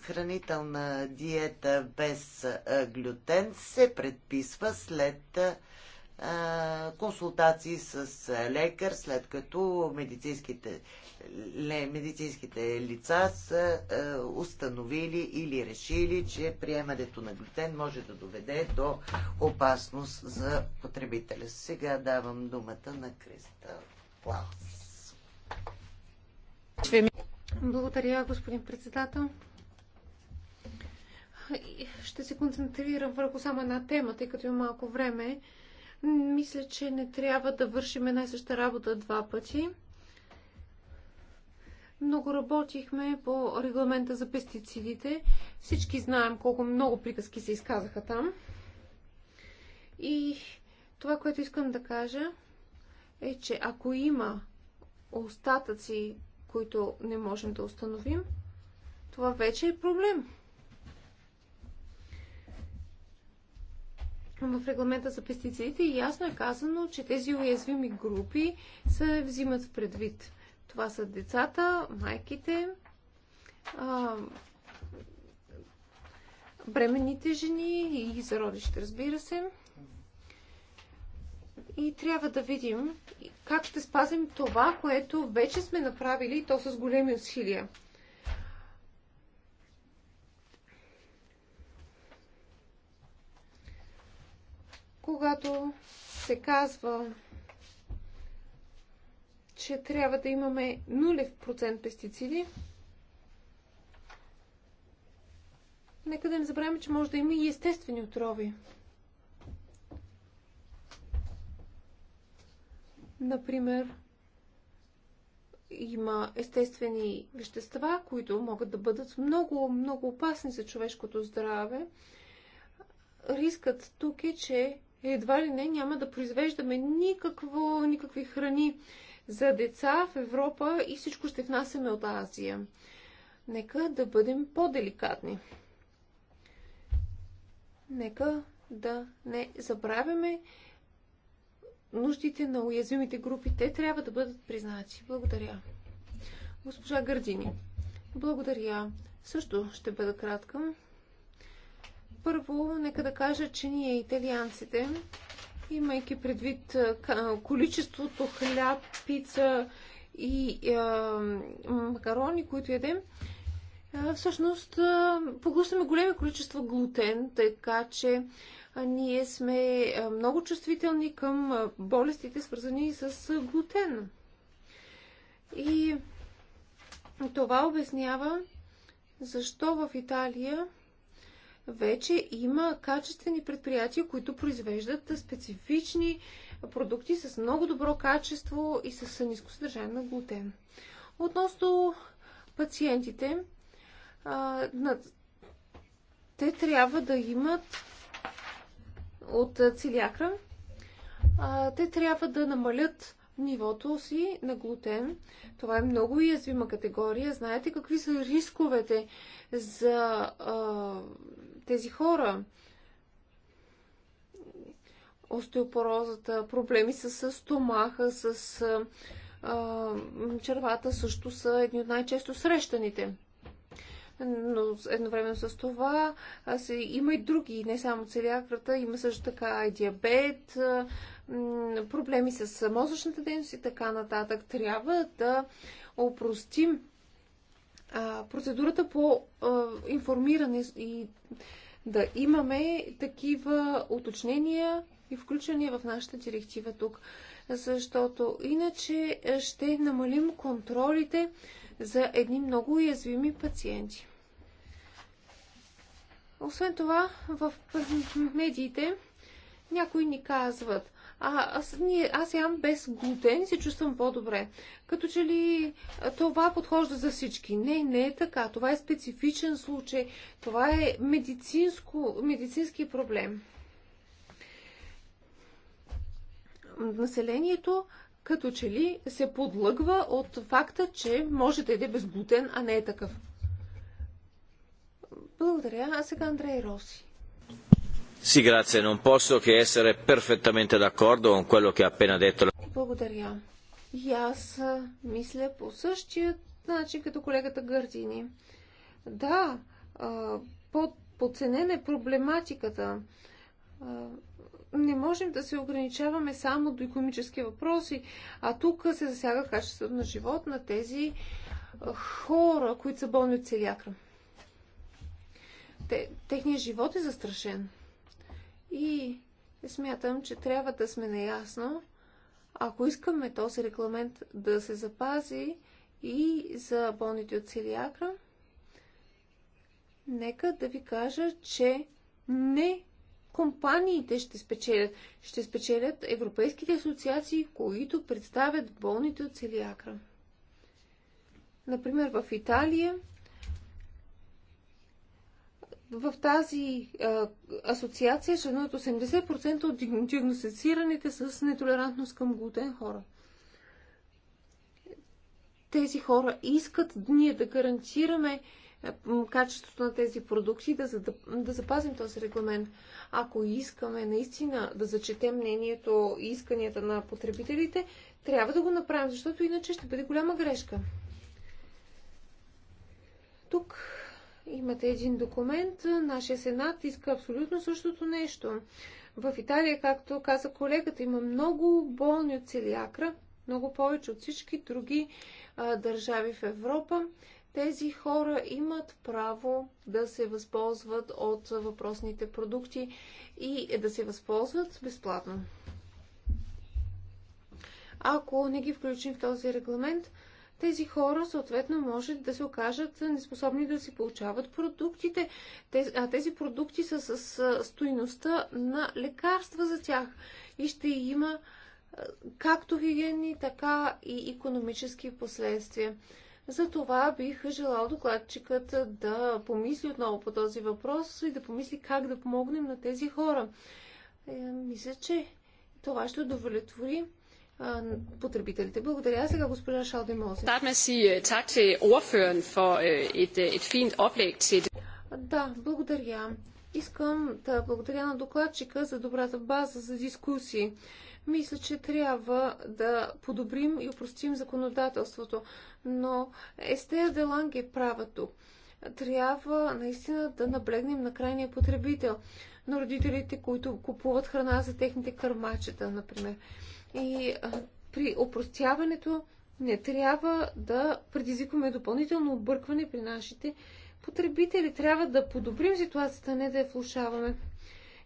хранителна диета без глютен се предписва след консултации с лекар, след като медицинските, медицинските лица са установили или решили, че приемането на глютен може да доведе до опасност за потребителя. Сега давам думата на Кристал Клаус. Благодаря, господин председател. Ще се концентрирам върху само една тема, тъй като има малко време. Мисля, че не трябва да вършим една и съща работа два пъти. Много работихме по регламента за пестицидите. Всички знаем колко много приказки се изказаха там. И това, което искам да кажа, е, че ако има остатъци които не можем да установим, това вече е проблем. В регламента за пестицидите ясно е казано, че тези уязвими групи се взимат в предвид. Това са децата, майките, бременните жени и зародище, разбира се. И трябва да видим как ще спазим това, което вече сме направили и то с големи усилия. Когато се казва, че трябва да имаме нулев процент пестициди, нека да не забравяме, че може да има и естествени отрови. Например, има естествени вещества, които могат да бъдат много, много опасни за човешкото здраве. Рискът тук е, че едва ли не няма да произвеждаме никакво, никакви храни за деца в Европа и всичко ще внасяме от Азия. Нека да бъдем по-деликатни. Нека да не забравяме, нуждите на уязвимите групи, те трябва да бъдат признати. Благодаря. Госпожа Гърдини. Благодаря. Също ще бъда кратка. Първо, нека да кажа, че ние, италианците, имайки предвид количеството хляб, пица и е, макарони, които ядем, е, всъщност поглъщаме големи количество глутен, така че ние сме много чувствителни към болестите, свързани с глутен. И това обяснява защо в Италия вече има качествени предприятия, които произвеждат специфични продукти с много добро качество и с ниско съдържание на глутен. Относно пациентите, те трябва да имат от целиакра, те трябва да намалят нивото си на глутен. Това е много уязвима категория. Знаете какви са рисковете за а, тези хора? Остеопорозата, проблеми с стомаха, с а, червата също са едни от най-често срещаните но едновременно с това се, има и други, не само целиакрата, има също така и диабет, проблеми с мозъчната дейност и така нататък. Трябва да опростим процедурата по информиране и да имаме такива уточнения и включвания в нашата директива тук, защото иначе ще намалим контролите за едни много уязвими пациенти. Освен това, в медиите някои ни казват, а, аз, ние, аз ям без глутен и се чувствам по-добре. Като че ли това подхожда за всички. Не, не е така. Това е специфичен случай. Това е медицинско, медицински проблем. Населението като че ли се подлъгва от факта, че може да е без глутен, а не е такъв. Благодаря. А сега Андрей Роси. Sì, grazie. Non posso che essere perfettamente d'accordo con quello che ha appena detto. Благодаря. И аз мисля по същия начин като колегата Гърдини. Да, под, подценена е проблематиката. Не можем да се ограничаваме само до економически въпроси, а тук се засяга качеството на живот на тези хора, които са болни от целиакра те, техният живот е застрашен. И смятам, че трябва да сме наясно, ако искаме този рекламент да се запази и за болните от целиакра, нека да ви кажа, че не компаниите ще спечелят. Ще спечелят европейските асоциации, които представят болните от целиакра. Например, в Италия в тази а, асоциация членуват 80% от диагностицираните с нетолерантност към глутен хора. Тези хора искат ние да гарантираме качеството на тези продукти, да, да, да запазим този регламент. Ако искаме наистина да зачетем мнението и исканията на потребителите, трябва да го направим, защото иначе ще бъде голяма грешка. Тук Имате един документ, нашия сенат иска абсолютно същото нещо. В Италия, както каза колегата, има много болни от целиакра, много повече от всички други а, държави в Европа. Тези хора имат право да се възползват от въпросните продукти и да се възползват безплатно. Ако не ги включим в този регламент, тези хора съответно може да се окажат неспособни да си получават продуктите. а тези продукти са с стоиността на лекарства за тях. И ще има както хигиенни, така и економически последствия. За това бих желал докладчикът да помисли отново по този въпрос и да помисли как да помогнем на тези хора. Е, мисля, че това ще удовлетвори потребителите. Благодаря. Сега госпожа Шалдемозе. Старт med at sige øh, tak til for øh, et, øh, et fint oplæg til Да, благодаря. Искам да благодаря на докладчика за добрата база за дискусии. Мисля, че трябва да подобрим и упростим законодателството, но Естея Деланг е права тук. Трябва наистина да наблегнем на крайния потребител, на родителите, които купуват храна за техните кърмачета, например. И при опростяването не трябва да предизвикваме допълнително объркване при нашите потребители. Трябва да подобрим ситуацията, не да я влушаваме.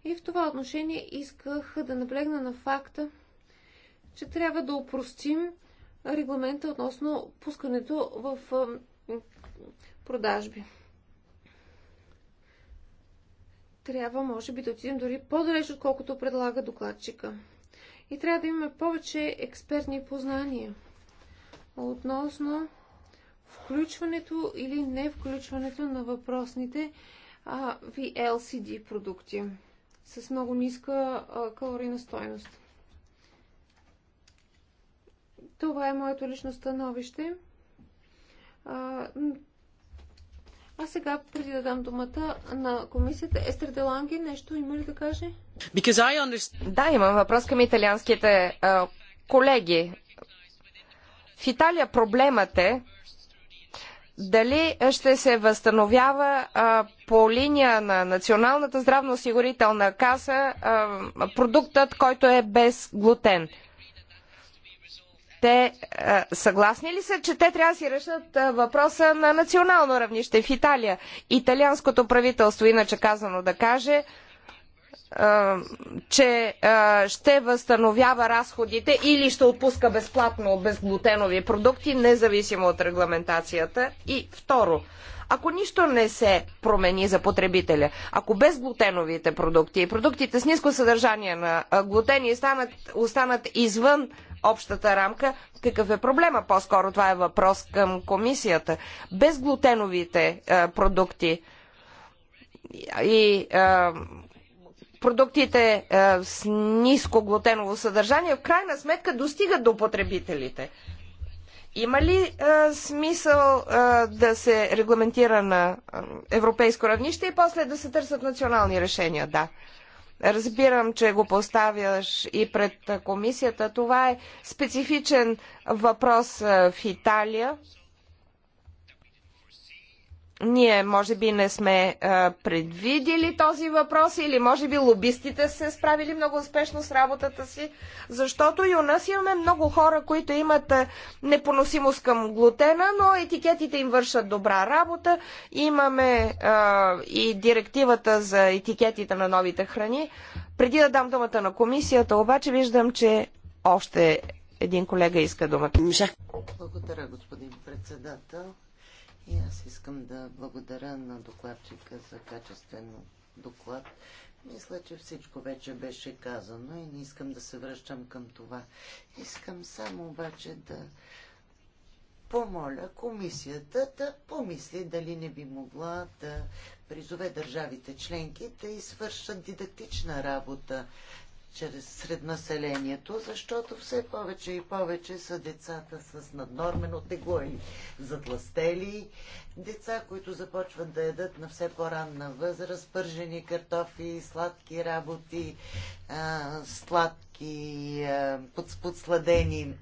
И в това отношение исках да наблегна на факта, че трябва да опростим регламента относно пускането в продажби. Трябва, може би, да отидем дори по-далеч, отколкото предлага докладчика и трябва да имаме повече експертни познания относно включването или не включването на въпросните VLCD продукти с много ниска калорийна стойност. Това е моето лично становище. А сега, преди да дам думата на комисията, Естер Деланги, нещо има ли да каже? Да, имам въпрос към италианските а, колеги. В Италия проблемът е дали ще се възстановява а, по линия на Националната здравноосигурителна каса а, продуктът, който е без глутен те а, е, съгласни ли са, че те трябва да си решат а, е, въпроса на национално равнище в Италия? Италианското правителство, иначе казано да каже, а, е, че ще възстановява разходите или ще отпуска безплатно безглутенови продукти, независимо от регламентацията. И второ, ако нищо не се промени за потребителя, ако безглутеновите продукти и продуктите с ниско съдържание на глутени останат, останат извън общата рамка, какъв е проблема? По-скоро това е въпрос към комисията. Безглутеновите е, продукти и е, продуктите е, с ниско глутеново съдържание в крайна сметка достигат до потребителите. Има ли е, смисъл е, да се регламентира на е, европейско равнище и после да се търсят национални решения? Да. Разбирам, че го поставяш и пред комисията. Това е специфичен въпрос в Италия. Ние може би не сме а, предвидили този въпрос или може би лобистите се справили много успешно с работата си, защото и у нас имаме много хора, които имат непоносимост към глутена, но етикетите им вършат добра работа. Имаме а, и директивата за етикетите на новите храни. Преди да дам думата на комисията, обаче виждам, че още един колега иска думата. Благодаря, господин председател. И аз искам да благодаря на докладчика за качествен доклад. Мисля, че всичко вече беше казано и не искам да се връщам към това. Искам само обаче да помоля комисията да помисли дали не би могла да призове държавите членки да извършат дидактична работа чрез сред населението, защото все повече и повече са децата с наднормено тегло и затластели, деца, които започват да ядат на все по-ранна възраст, пържени картофи, сладки работи, а, сладки, а, под, подсладени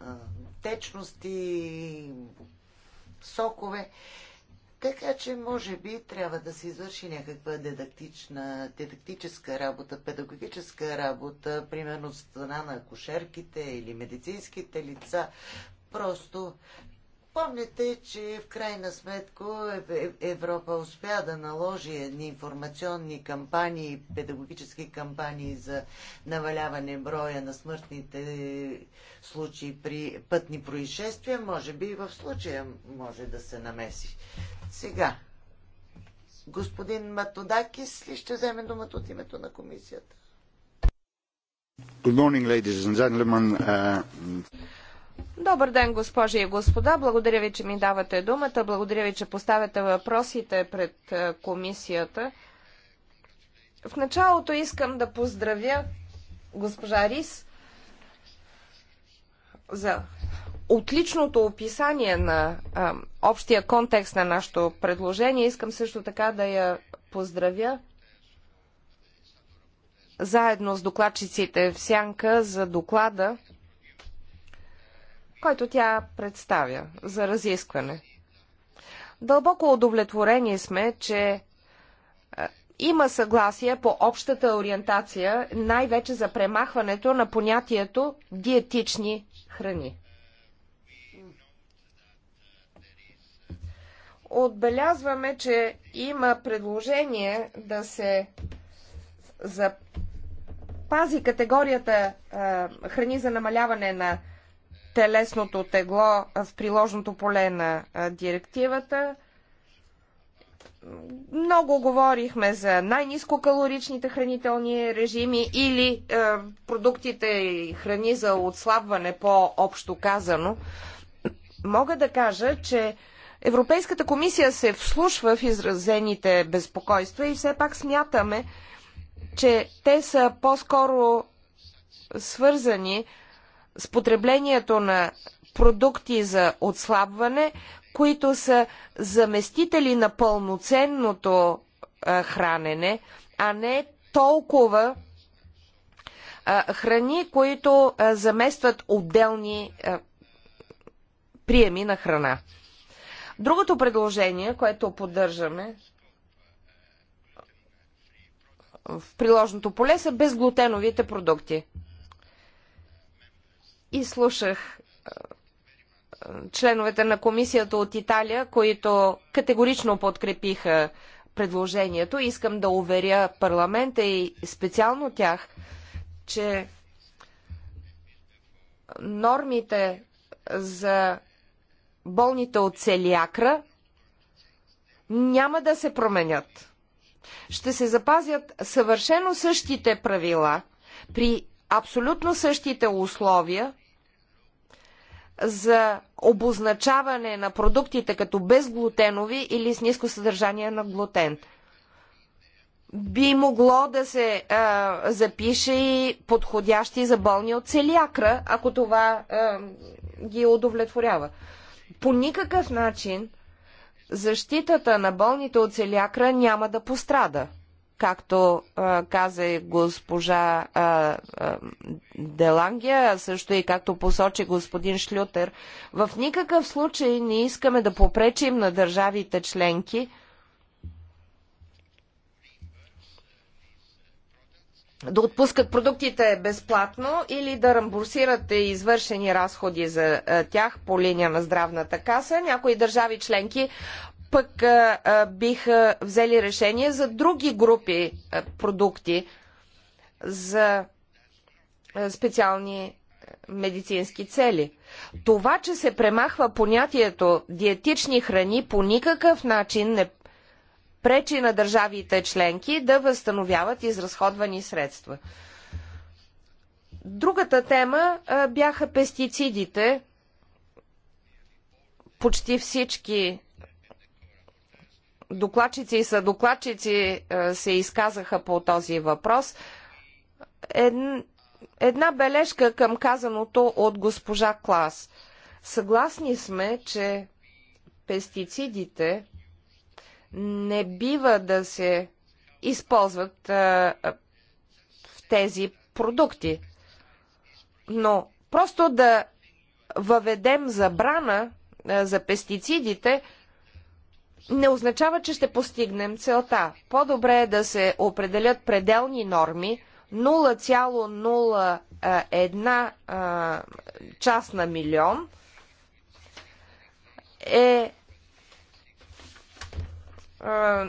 а, течности, сокове. Така че, може би, трябва да се извърши някаква дедактична, дедактическа работа, педагогическа работа, примерно от страна на акушерките или медицинските лица. Просто Помните, че в крайна сметка Европа успя да наложи едни информационни кампании, педагогически кампании за наваляване броя на смъртните случаи при пътни происшествия. Може би и в случая може да се намеси сега, господин Матодакис ли ще вземе думата от името на комисията? Good morning, ladies and gentlemen. Uh... Добър ден, госпожи и господа. Благодаря ви, че ми давате думата. Благодаря ви, че поставяте въпросите пред е, комисията. В началото искам да поздравя госпожа Рис за отличното описание на а, общия контекст на нашето предложение. Искам също така да я поздравя заедно с докладчиците в Сянка за доклада, който тя представя за разискване. Дълбоко удовлетворени сме, че има съгласие по общата ориентация, най-вече за премахването на понятието диетични храни. Отбелязваме, че има предложение да се запази категорията а, храни за намаляване на телесното тегло в приложното поле на а, директивата. Много говорихме за най-низкокалоричните хранителни режими или е, продуктите и храни за отслабване, по-общо казано. Мога да кажа, че Европейската комисия се вслушва в изразените безпокойства и все пак смятаме, че те са по-скоро свързани с потреблението на продукти за отслабване, които са заместители на пълноценното а, хранене, а не толкова а, храни, които а, заместват отделни приеми на храна. Другото предложение, което поддържаме в приложното поле, са безглутеновите продукти. И слушах е, членовете на комисията от Италия, които категорично подкрепиха предложението. Искам да уверя парламента и специално тях, че нормите за болните от целиакра няма да се променят. Ще се запазят съвършено същите правила при абсолютно същите условия за обозначаване на продуктите като безглутенови или с ниско съдържание на глутен. Би могло да се а, запише и подходящи за болни от целиакра, ако това а, ги удовлетворява. По никакъв начин защитата на болните от целиакра няма да пострада. Както а, каза и госпожа а, а, Делангия, също и както посочи господин Шлютер, в никакъв случай не искаме да попречим на държавите членки – да отпускат продуктите безплатно или да рамбурсират извършени разходи за тях по линия на здравната каса. Някои държави членки пък биха взели решение за други групи продукти за специални медицински цели. Това, че се премахва понятието диетични храни, по никакъв начин не пречи на държавите членки да възстановяват изразходвани средства. Другата тема бяха пестицидите. Почти всички докладчици и съдокладчици се изказаха по този въпрос. Една бележка към казаното от госпожа Клас. Съгласни сме, че пестицидите не бива да се използват а, в тези продукти. Но просто да въведем забрана а, за пестицидите не означава, че ще постигнем целта. По-добре е да се определят пределни норми 0,01 част на милион е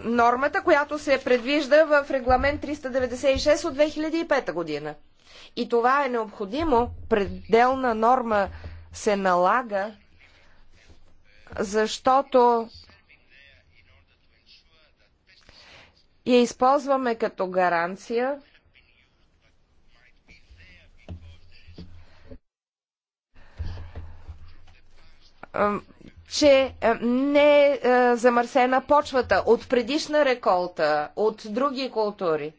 нормата, която се предвижда в регламент 396 от 2005 година. И това е необходимо. Пределна норма се налага, защото я използваме като гаранция че е, не е, е замърсена почвата от предишна реколта, от други култури.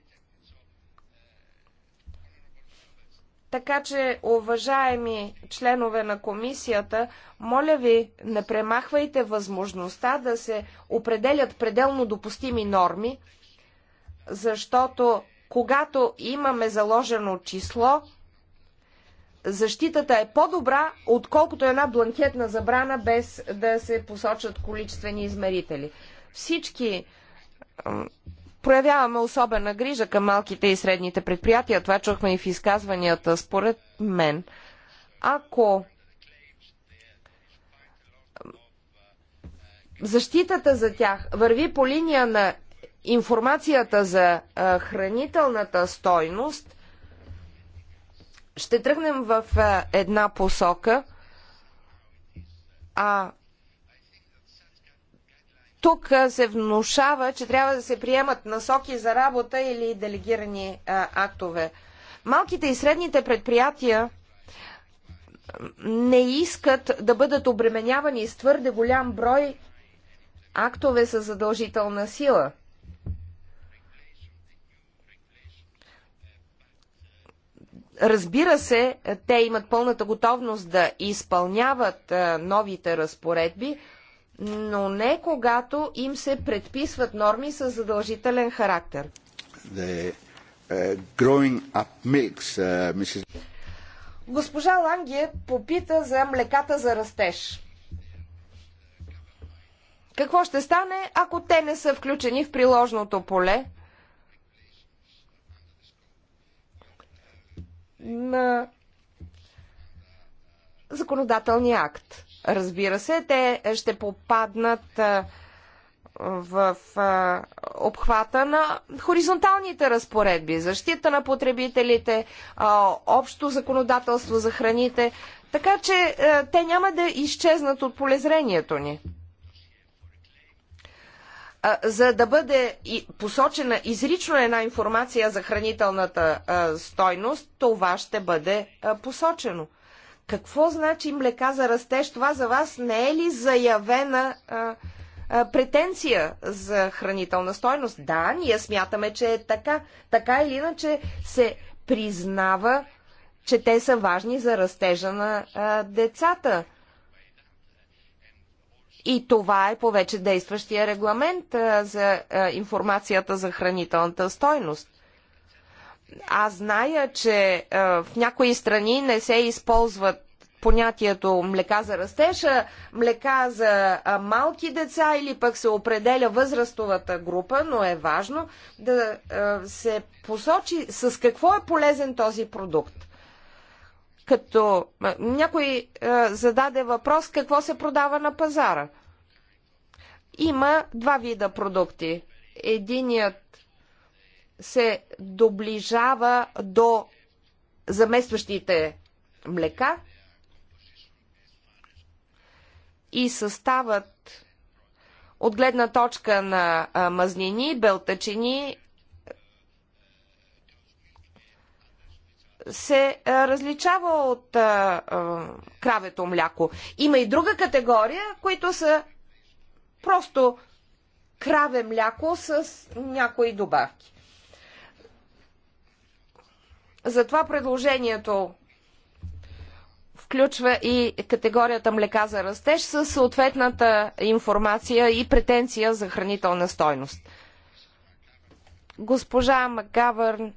Така че, уважаеми членове на комисията, моля ви, не премахвайте възможността да се определят пределно допустими норми, защото когато имаме заложено число, защитата е по-добра, отколкото една бланкетна забрана, без да се посочат количествени измерители. Всички проявяваме особена грижа към малките и средните предприятия. Това чухме и в изказванията, според мен. Ако защитата за тях върви по линия на информацията за хранителната стойност, ще тръгнем в една посока, а тук се внушава, че трябва да се приемат насоки за работа или делегирани а, актове. Малките и средните предприятия не искат да бъдат обременявани с твърде голям брой актове с задължителна сила – Разбира се, те имат пълната готовност да изпълняват новите разпоредби, но не когато им се предписват норми с задължителен характер. The, uh, up mix, uh, Mrs. Госпожа Ланге попита за млеката за растеж. Какво ще стане, ако те не са включени в приложното поле? на законодателния акт. Разбира се, те ще попаднат в обхвата на хоризонталните разпоредби, защита на потребителите, общо законодателство за храните, така че те няма да изчезнат от полезрението ни за да бъде посочена изрично една информация за хранителната стойност, това ще бъде посочено. Какво значи млека за растеж? Това за вас не е ли заявена претенция за хранителна стойност? Да, ние смятаме, че е така. Така или иначе се признава, че те са важни за растежа на децата. И това е по вече действащия регламент за информацията за хранителната стойност. Аз зная, че в някои страни не се използват понятието млека за растежа, млека за малки деца или пък се определя възрастовата група, но е важно да се посочи с какво е полезен този продукт като някой зададе въпрос какво се продава на пазара. Има два вида продукти. Единият се доближава до заместващите млека и съставът от гледна точка на мазнини, белтъчини се е, различава от а, е, а, е, кравето мляко. Има и друга категория, които са просто краве мляко с някои добавки. Затова предложението включва и категорията млека за растеж с съответната информация и претенция за хранителна стойност. Госпожа Макгавърн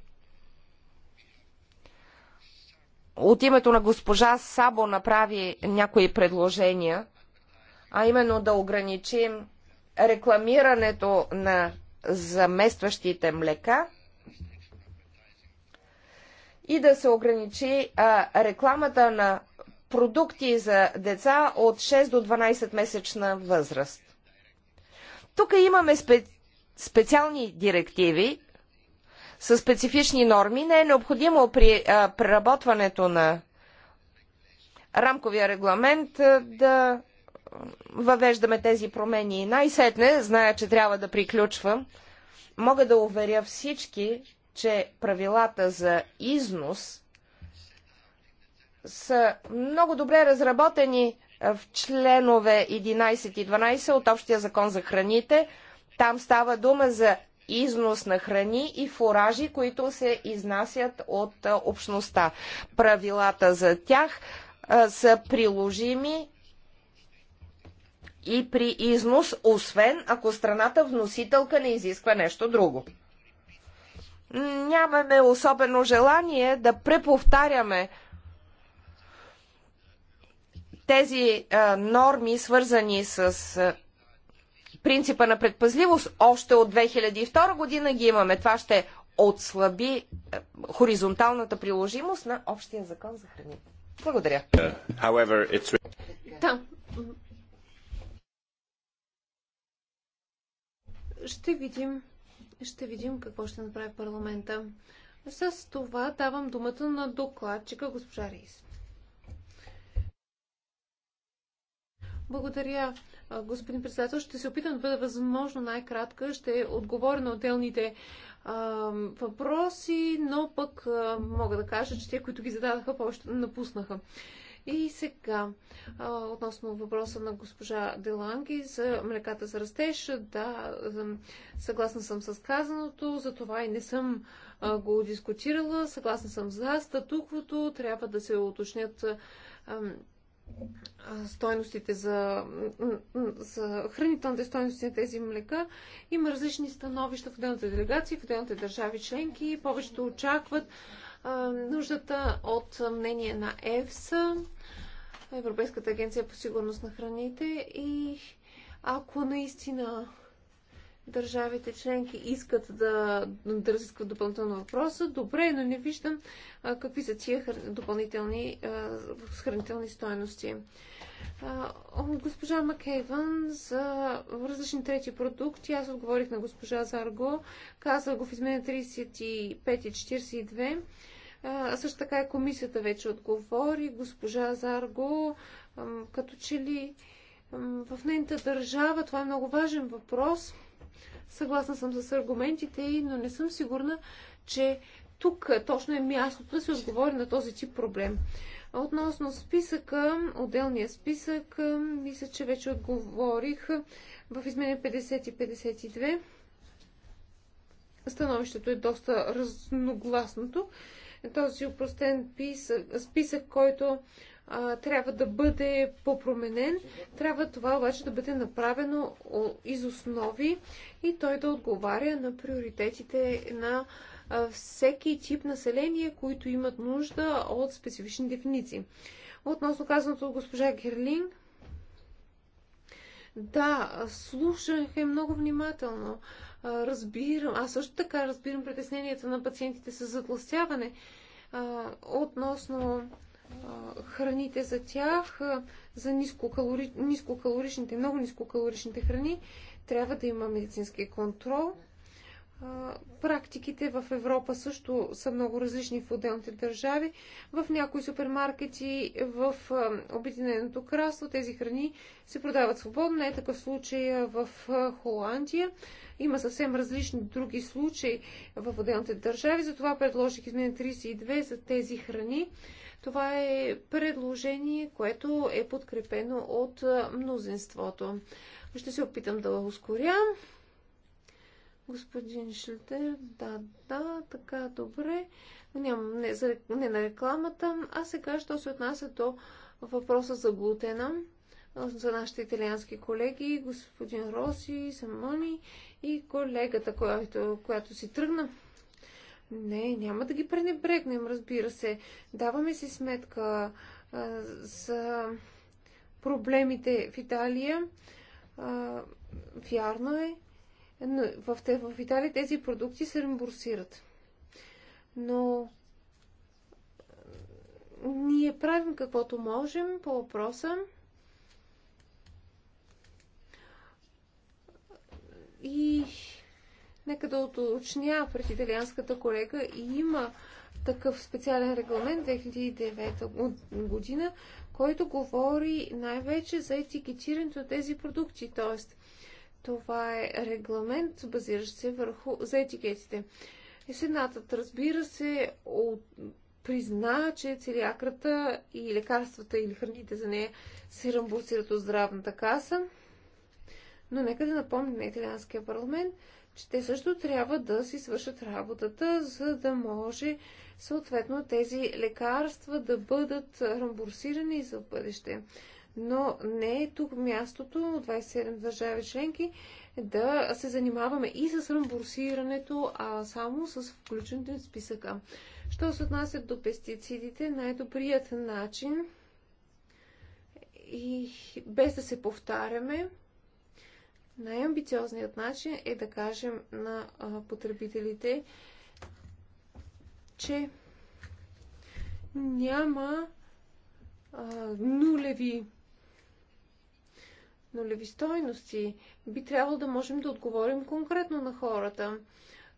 от името на госпожа Сабо направи някои предложения, а именно да ограничим рекламирането на заместващите млека и да се ограничи а, рекламата на продукти за деца от 6 до 12 месечна възраст. Тук имаме специални директиви, със специфични норми не е необходимо при а, преработването на рамковия регламент а, да въвеждаме тези промени. Най-сетне, зная, че трябва да приключвам, мога да уверя всички, че правилата за износ са много добре разработени в членове 11 и 12 от Общия закон за храните. Там става дума за износ на храни и фуражи, които се изнасят от общността. Правилата за тях са приложими и при износ, освен ако страната вносителка не изисква нещо друго. Нямаме особено желание да преповтаряме тези а, норми, свързани с а, принципа на предпазливост още от 2002 година ги имаме. Това ще отслаби е, хоризонталната приложимост на общия закон за храните. Благодаря. However, да. Ще видим. Ще видим какво ще направи парламента. С това давам думата на докладчика госпожа Рейс. Благодаря, господин председател. Ще се опитам да бъда възможно най-кратка. Ще отговоря на отделните а, въпроси, но пък а, мога да кажа, че те, които ги зададаха, повече напуснаха. И сега, а, относно въпроса на госпожа Деланги за млеката за растеж, да, съгласна съм с казаното, за това и не съм а, го дискутирала. Съгласна съм за статуквото, трябва да се уточнят а, стойностите за, за хранителните стойности на тези млека. Има различни становища в отделните делегации, в отделните държави членки. Повечето очакват а, нуждата от мнение на ЕФСА, Европейската агенция по сигурност на храните и ако наистина държавите членки искат да, да разискват допълнително въпроса. Добре, но не виждам а, какви са тия хр... допълнителни хранителни стоености. госпожа Макейвън за различни трети продукти. Аз отговорих на госпожа Зарго. Казах го в измене 35 и 42. А също така и комисията вече отговори. Госпожа Зарго, като че ли в нейната държава, това е много важен въпрос, Съгласна съм с аргументите, и но не съм сигурна, че тук точно е мястото да се отговори на този тип проблем. Относно списъка, отделния списък, мисля, че вече отговорих в измене 50 и 52. Становището е доста разногласното. Този упростен списък, който а, трябва да бъде попроменен. Трябва това обаче да бъде направено из основи и той да отговаря на приоритетите на всеки тип население, които имат нужда от специфични дефиниции. Относно казаното от госпожа Герлин. да, слушах е много внимателно. Разбирам, аз също така разбирам притесненията на пациентите с затластяване относно храните за тях, за нискокалори... нискокалоричните, много нискокалоричните храни, трябва да има медицински контрол. Практиките в Европа също са много различни в отделните държави. В някои супермаркети в Обединеното кралство тези храни се продават свободно. Е такъв случай в Холандия. Има съвсем различни други случаи в отделните държави. Затова предложих измене 32 за тези храни. Това е предложение, което е подкрепено от мнозинството. Ще се опитам да ускоря. Господин Шлитер, да, да, така, добре. Нямам не, за, не на рекламата. А сега, що се отнася до въпроса за глутена, за нашите италиански колеги, господин Роси, Самони и колегата, която, която си тръгна. Не, няма да ги пренебрегнем, разбира се. Даваме си сметка а, за проблемите в Италия. А, вярно е, но в, в Италия тези продукти се реимбурсират. Но ние правим каквото можем по въпроса. И Нека да уточня пред италианската колега и има такъв специален регламент 2009 година, който говори най-вече за етикетирането на тези продукти. Т.е. това е регламент, базиращ се върху за етикетите. И Сенатът, разбира се, от, призна, че целиакрата и лекарствата или храните за нея се рамбусират от здравната каса. Но нека да напомня на италианския парламент, че те също трябва да си свършат работата, за да може съответно тези лекарства да бъдат рамбурсирани за бъдеще. Но не е тук мястото от 27 държави членки да се занимаваме и с рамбурсирането, а само с включването в списъка. Що се отнася до пестицидите, най-добрият начин и без да се повтаряме, най-амбициозният начин е да кажем на потребителите, че няма а, нулеви, нулеви стойности. Би трябвало да можем да отговорим конкретно на хората.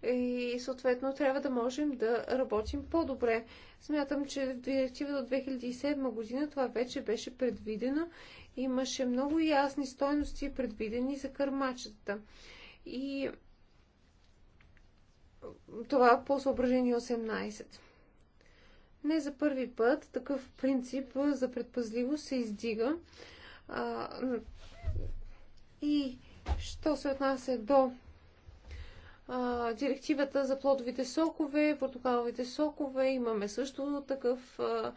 И съответно трябва да можем да работим по-добре. Смятам, че в директива до 2007 година това вече беше предвидено имаше много ясни стойности предвидени за кърмачетата. И това по съображение 18. Не за първи път такъв принцип за предпазливост се издига. А, и що се отнася до а, директивата за плодовите сокове, портокаловите сокове, имаме също такъв а,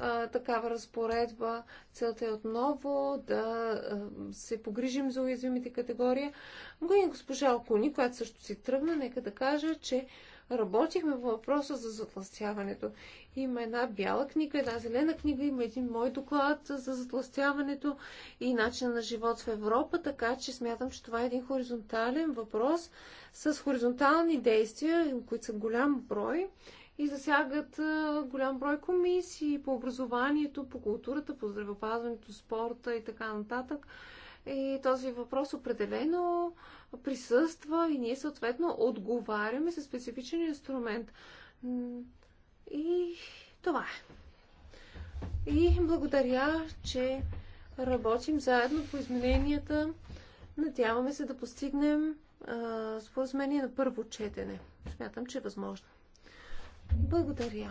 а, такава разпоредба. Целта е отново да а, се погрижим за уязвимите категории. Мога и госпожа Окуни, която също си тръгна, нека да кажа, че работихме по въпроса за затластяването. Има една бяла книга, една зелена книга, има един мой доклад за затластяването и начин на живот в Европа, така че смятам, че това е един хоризонтален въпрос с хоризонтални действия, които са голям брой и засягат голям брой комисии по образованието, по културата, по здравеопазването, спорта и така нататък. И този въпрос определено присъства и ние съответно отговаряме със специфичен инструмент. И това е. И благодаря, че работим заедно по измененията. Надяваме се да постигнем споразумение на първо четене. Смятам, че е възможно. Благодаря.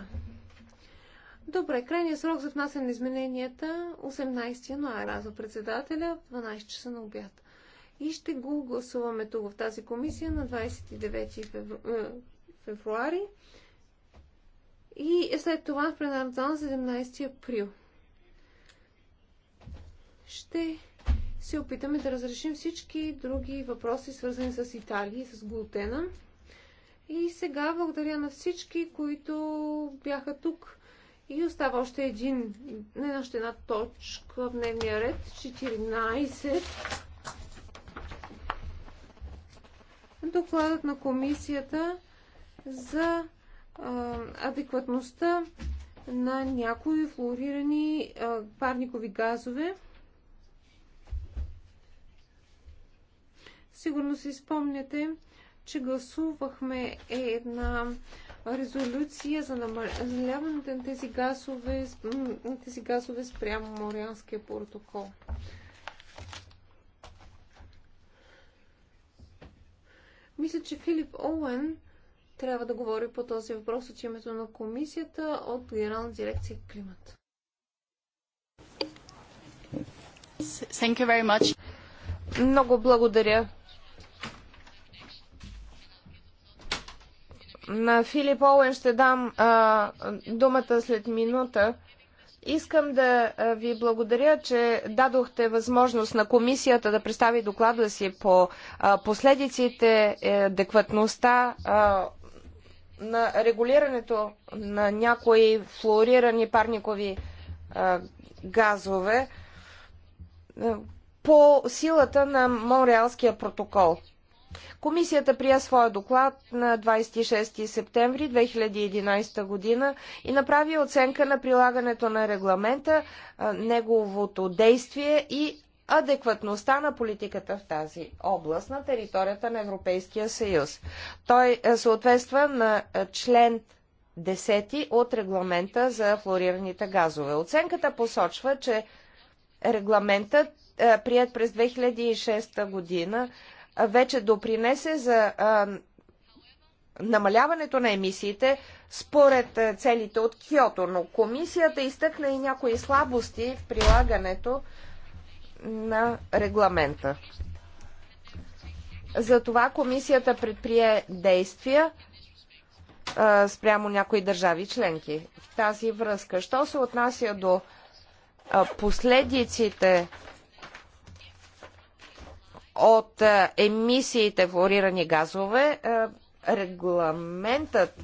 Добре, крайният срок за внасяне на измененията 18 януаря за председателя в 12 часа на обяд. И ще го гласуваме тук в тази комисия на 29 февру... Е, февруари и е след това в пленарната зала 17 април. Ще се опитаме да разрешим всички други въпроси, свързани с Италия и с глутена. И сега благодаря на всички, които бяха тук. И остава още един, не още една точка в дневния ред, 14. Докладът на комисията за а, адекватността на някои флуорирани а, парникови газове. Сигурно си спомняте, че гласувахме една резолюция за намаляването на тези газове, тези газове спрямо Морианския протокол. Мисля, че Филип Оуен трябва да говори по този въпрос от името на комисията от Генерална дирекция Климат. Много благодаря. На Филип Оуен ще дам а, думата след минута. Искам да ви благодаря, че дадохте възможност на комисията да представи доклада си по последиците, е, адекватността на регулирането на някои флуорирани парникови газове по силата на Монреалския протокол. Комисията прие своя доклад на 26 септември 2011 година и направи оценка на прилагането на регламента, неговото действие и адекватността на политиката в тази област на територията на Европейския съюз. Той съответства на член 10 от регламента за флорираните газове. Оценката посочва, че регламентът, прият през 2006 година, вече допринесе за намаляването на емисиите според целите от Киото, но комисията изтъкна и някои слабости в прилагането на регламента. Затова комисията предприе действия а, спрямо някои държави членки. В тази връзка, що се отнася до а, последиците от е, емисиите флорирани газове, е, регламентът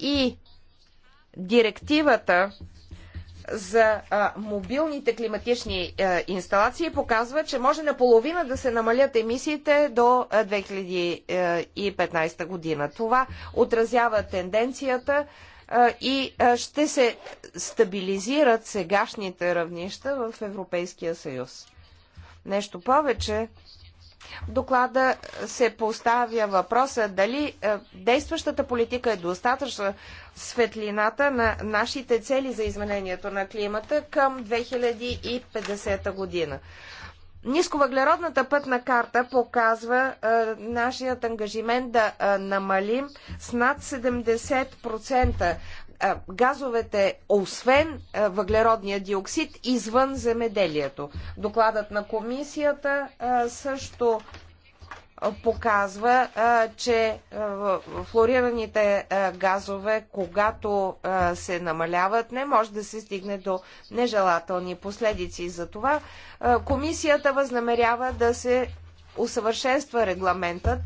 и директивата за а, е, мобилните климатични а, инсталации показва, че може наполовина да се намалят емисиите до 2015 година. Това отразява тенденцията а, и ще се стабилизират сегашните равнища в Европейския съюз. Нещо повече, в доклада се поставя въпроса дали е, действащата политика е достатъчна светлината на нашите цели за изменението на климата към 2050 година. Нисковъглеродната пътна карта показва е, нашият ангажимент да е, намалим с над 70% газовете, освен въглеродния диоксид, извън земеделието. Докладът на комисията също показва, че флорираните газове, когато се намаляват, не може да се стигне до нежелателни последици. Затова комисията възнамерява да се усъвършенства регламентът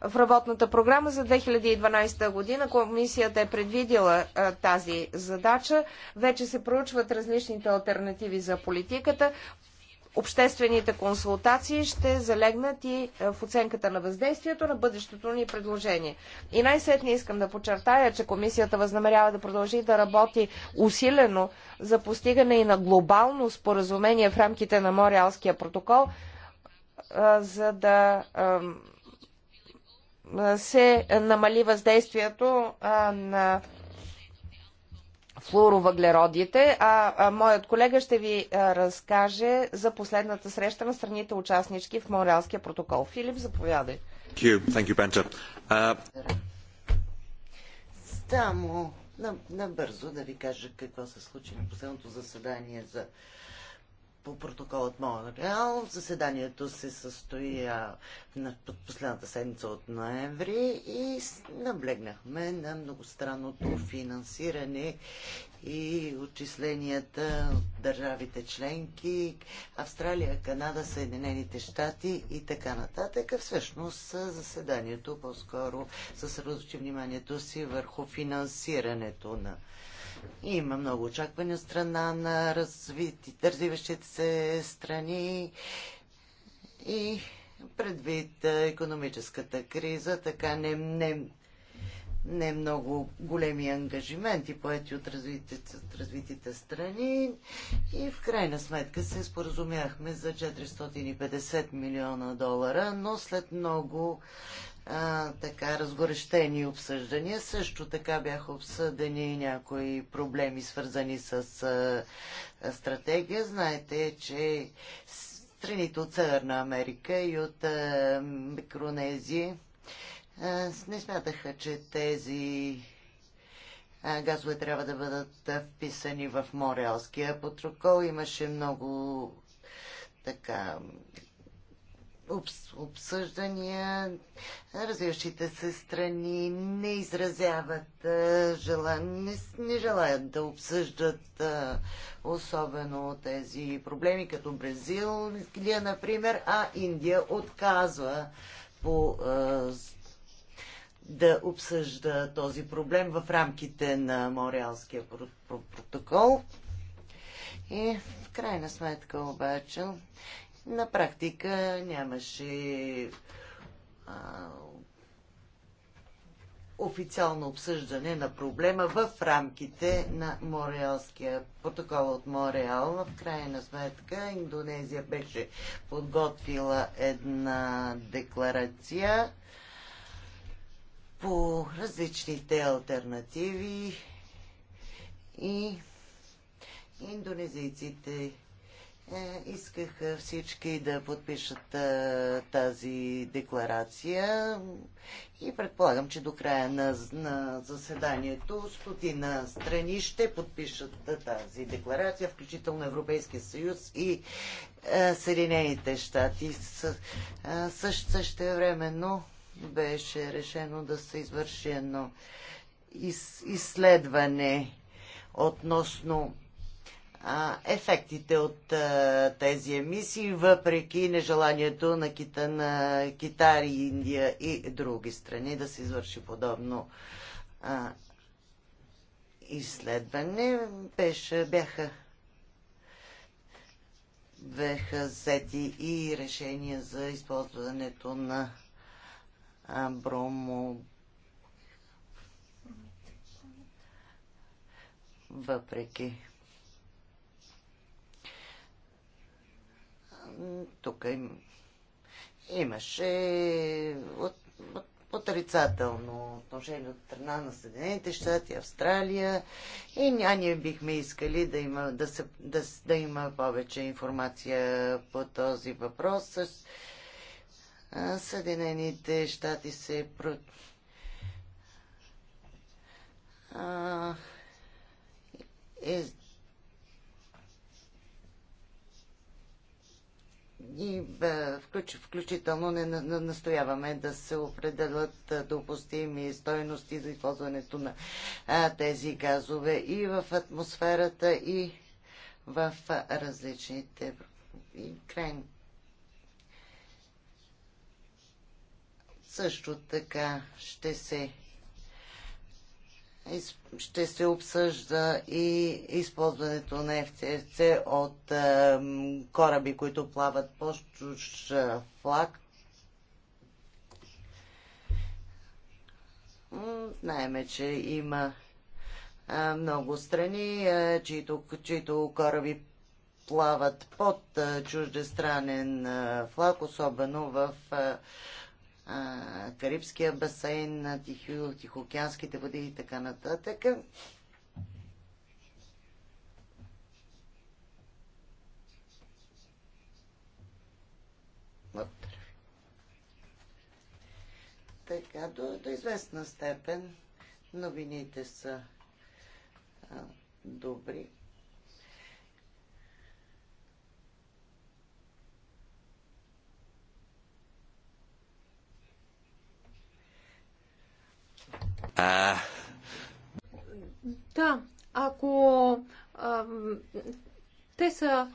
в работната програма за 2012 година комисията е предвидила а, е, тази задача. Вече се проучват различните альтернативи за политиката. Обществените консултации ще залегнат и е, в оценката на въздействието на бъдещото ни предложение. И най-сетне искам да подчертая, че комисията възнамерява да продължи да работи усилено за постигане и на глобално споразумение в рамките на Мориалския протокол, е, за да се намали въздействието на флуоровъглеродите, а моят колега ще ви разкаже за последната среща на страните участнички в Монреалския протокол. Филип, заповядай. Само набързо да ви кажа какво се случи на последното заседание за по протокол от Монреал. Заседанието се състои на последната седмица от ноември и наблегнахме на многостранното финансиране и отчисленията от държавите членки, Австралия, Канада, Съединените щати и така нататък. Всъщност заседанието по-скоро съсредоточи вниманието си върху финансирането на има много очаквания от страна на развитите, развиващите се страни и предвид економическата криза, така не, не, не много големи ангажименти, поети от развитите, от развитите страни. И в крайна сметка се споразумяхме за 450 милиона долара, но след много а, така разгорещени обсъждания. Също така бяха обсъдени някои проблеми, свързани с а, стратегия. Знаете, че страните от Северна Америка и от а, Микронезия а, не смятаха, че тези газове трябва да бъдат вписани в Мореалския протокол. Имаше много така обсъждания, развиващите се страни не изразяват желание, не, желаят да обсъждат особено тези проблеми, като Бразилия, например, а Индия отказва по да обсъжда този проблем в рамките на Мореалския протокол. И в крайна сметка обаче на практика нямаше а, официално обсъждане на проблема в рамките на Мореалския протокол от Мореал. В крайна сметка Индонезия беше подготвила една декларация по различните альтернативи и индонезийците е, исках всички да подпишат е, тази декларация и предполагам, че до края на, на заседанието стотина страни ще подпишат е, тази декларация, включително Европейския съюз и Съединените щати. Също същевременно беше решено да се извърши едно из, изследване относно ефектите от а, тези емисии, въпреки нежеланието на, кита, на Китай, Индия и други страни да се извърши подобно а, изследване. Беше, бяха бяха взети и решения за използването на а, бромо въпреки тук им, имаше от, от, отрицателно отношение от страна на Съединените щати, Австралия и ня, ние бихме искали да има, да, се, да, да има повече информация по този въпрос. Съединените щати се против е, и е, включително не настояваме да се определят е, допустими стойности за използването на е, тези газове и в атмосферата, и в различните и крайни. Също така ще се ще се обсъжда и използването на ФЦФЦ от кораби, които плават по чуж е, флаг. Знаеме, че има е, много страни, е, чието, чието кораби плават под чуждестранен флаг, особено в Карибския басейн, Тихо, Тихоокеанските води и така нататък. Така, до, до известна степен новините са а, добри. А... Да, ако а, те са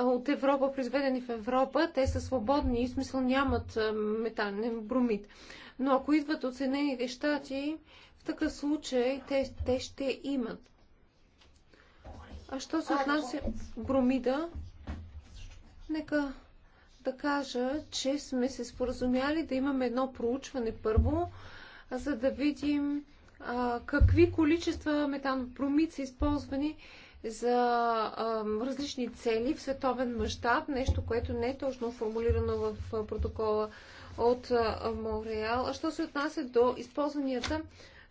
от Европа, произведени в Европа, те са свободни и смисъл нямат метален бромид. Но ако идват от Съединените щати, в такъв случай те, те ще имат. А що се отнася бромида, нека да кажа, че сме се споразумяли да имаме едно проучване първо, за да видим а, какви количества метанопромит са използвани за а, различни цели в световен мащаб, нещо, което не е точно формулирано в протокола от Мореал. А що се отнася до използванията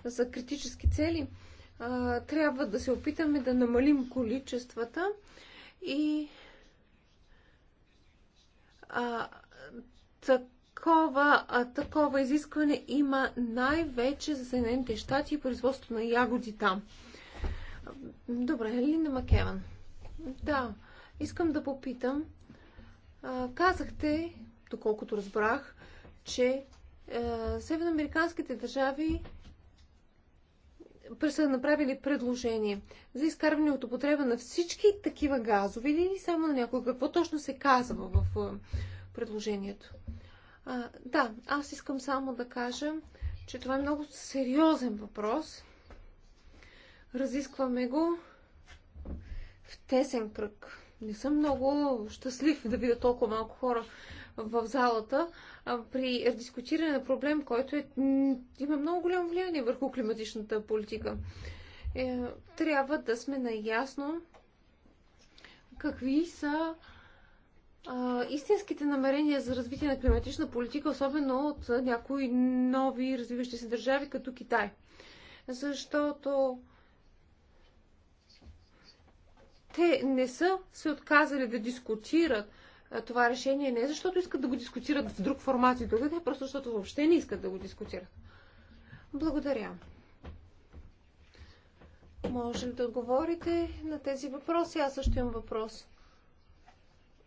за критически цели, а, трябва да се опитаме да намалим количествата и а, такова, а, такова изискване има най-вече за Съединените щати и производство на ягоди там. Добре, Линда Макеван. Да, искам да попитам. А, казахте, доколкото разбрах, че а, е, северноамериканските държави са направили предложение за изкарване от употреба на всички такива газове или само на някои. Какво точно се казва в е, предложението? А, да, аз искам само да кажа, че това е много сериозен въпрос. Разискваме го в тесен кръг. Не съм много щастлив да видя толкова малко хора в залата при дискутиране на проблем, който е, има много голямо влияние върху климатичната политика. Е, трябва да сме наясно какви са истинските намерения за развитие на климатична политика, особено от някои нови развиващи се държави, като Китай. Защото те не са се отказали да дискутират това решение не защото искат да го дискутират в друг формат и другаде, а просто защото въобще не искат да го дискутират. Благодаря. Можем да отговорите на тези въпроси? Аз също имам въпрос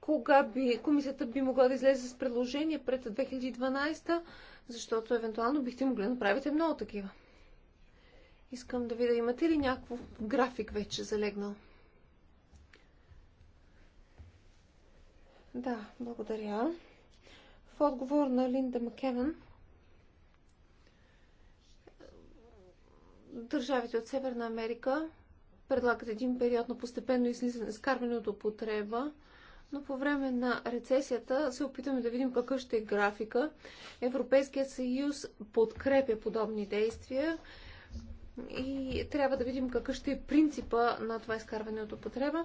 кога би, комисията би могла да излезе с предложение пред 2012, защото евентуално бихте могли да направите много такива. Искам да видя, да имате ли някакъв график вече залегнал? Да, благодаря. В отговор на Линда Макевен, държавите от Северна Америка предлагат един период на постепенно излизане, скарване от употреба но по време на рецесията се опитаме да видим какъв ще е графика. Европейският съюз подкрепя подобни действия и трябва да видим какъв ще е принципа на това изкарване от употреба.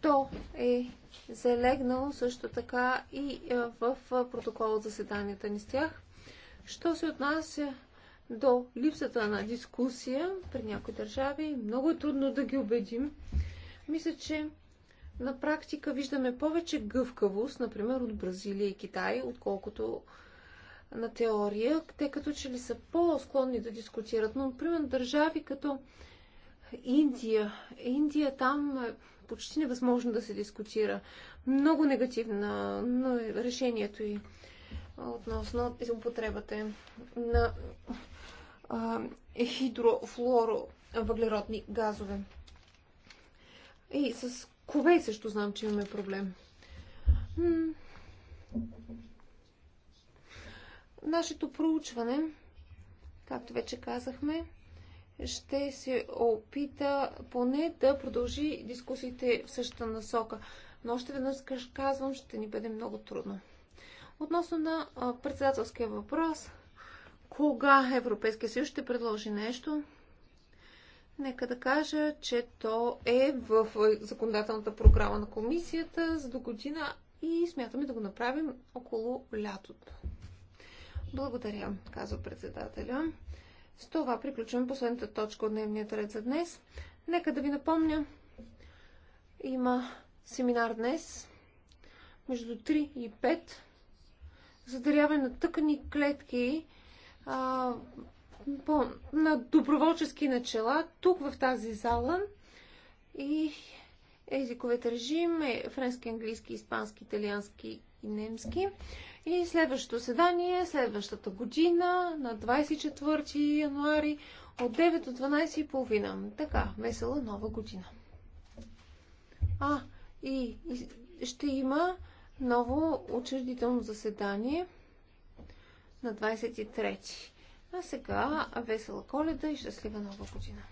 То е залегнало също така и е, в е, протокол от заседанията ни с тях. Що се отнася до липсата на дискусия при някои държави, много е трудно да ги убедим. Мисля, че на практика виждаме повече гъвкавост, например, от Бразилия и Китай, отколкото на теория, те като че ли са по-склонни да дискутират. Но, например, държави като Индия. Индия там е почти невъзможно да се дискутира. Много негативно но е решението и относно употребата на хидрофлоро въглеродни газове. И с Ковей също знам, че имаме проблем. Нашето проучване, както вече казахме, ще се опита поне да продължи дискусиите в същата насока. Но още веднъж казвам, ще ни бъде много трудно. Относно на председателския въпрос, кога Европейския съюз ще предложи нещо, Нека да кажа, че то е в законодателната програма на комисията за до година и смятаме да го направим около лятото. Благодаря, казва председателя. С това приключваме последната точка от дневния ред за днес. Нека да ви напомня, има семинар днес между 3 и 5 за даряване на тъкани клетки а, по, на доброволчески начала тук в тази зала и езиковете режим е френски, английски, испански, италиански и немски. И следващото седание, следващата година, на 24 януари, от 9 до 12.30. Така, весела нова година. А, и, и ще има ново учредително заседание на 23. А сега весела коледа и щастлива нова година!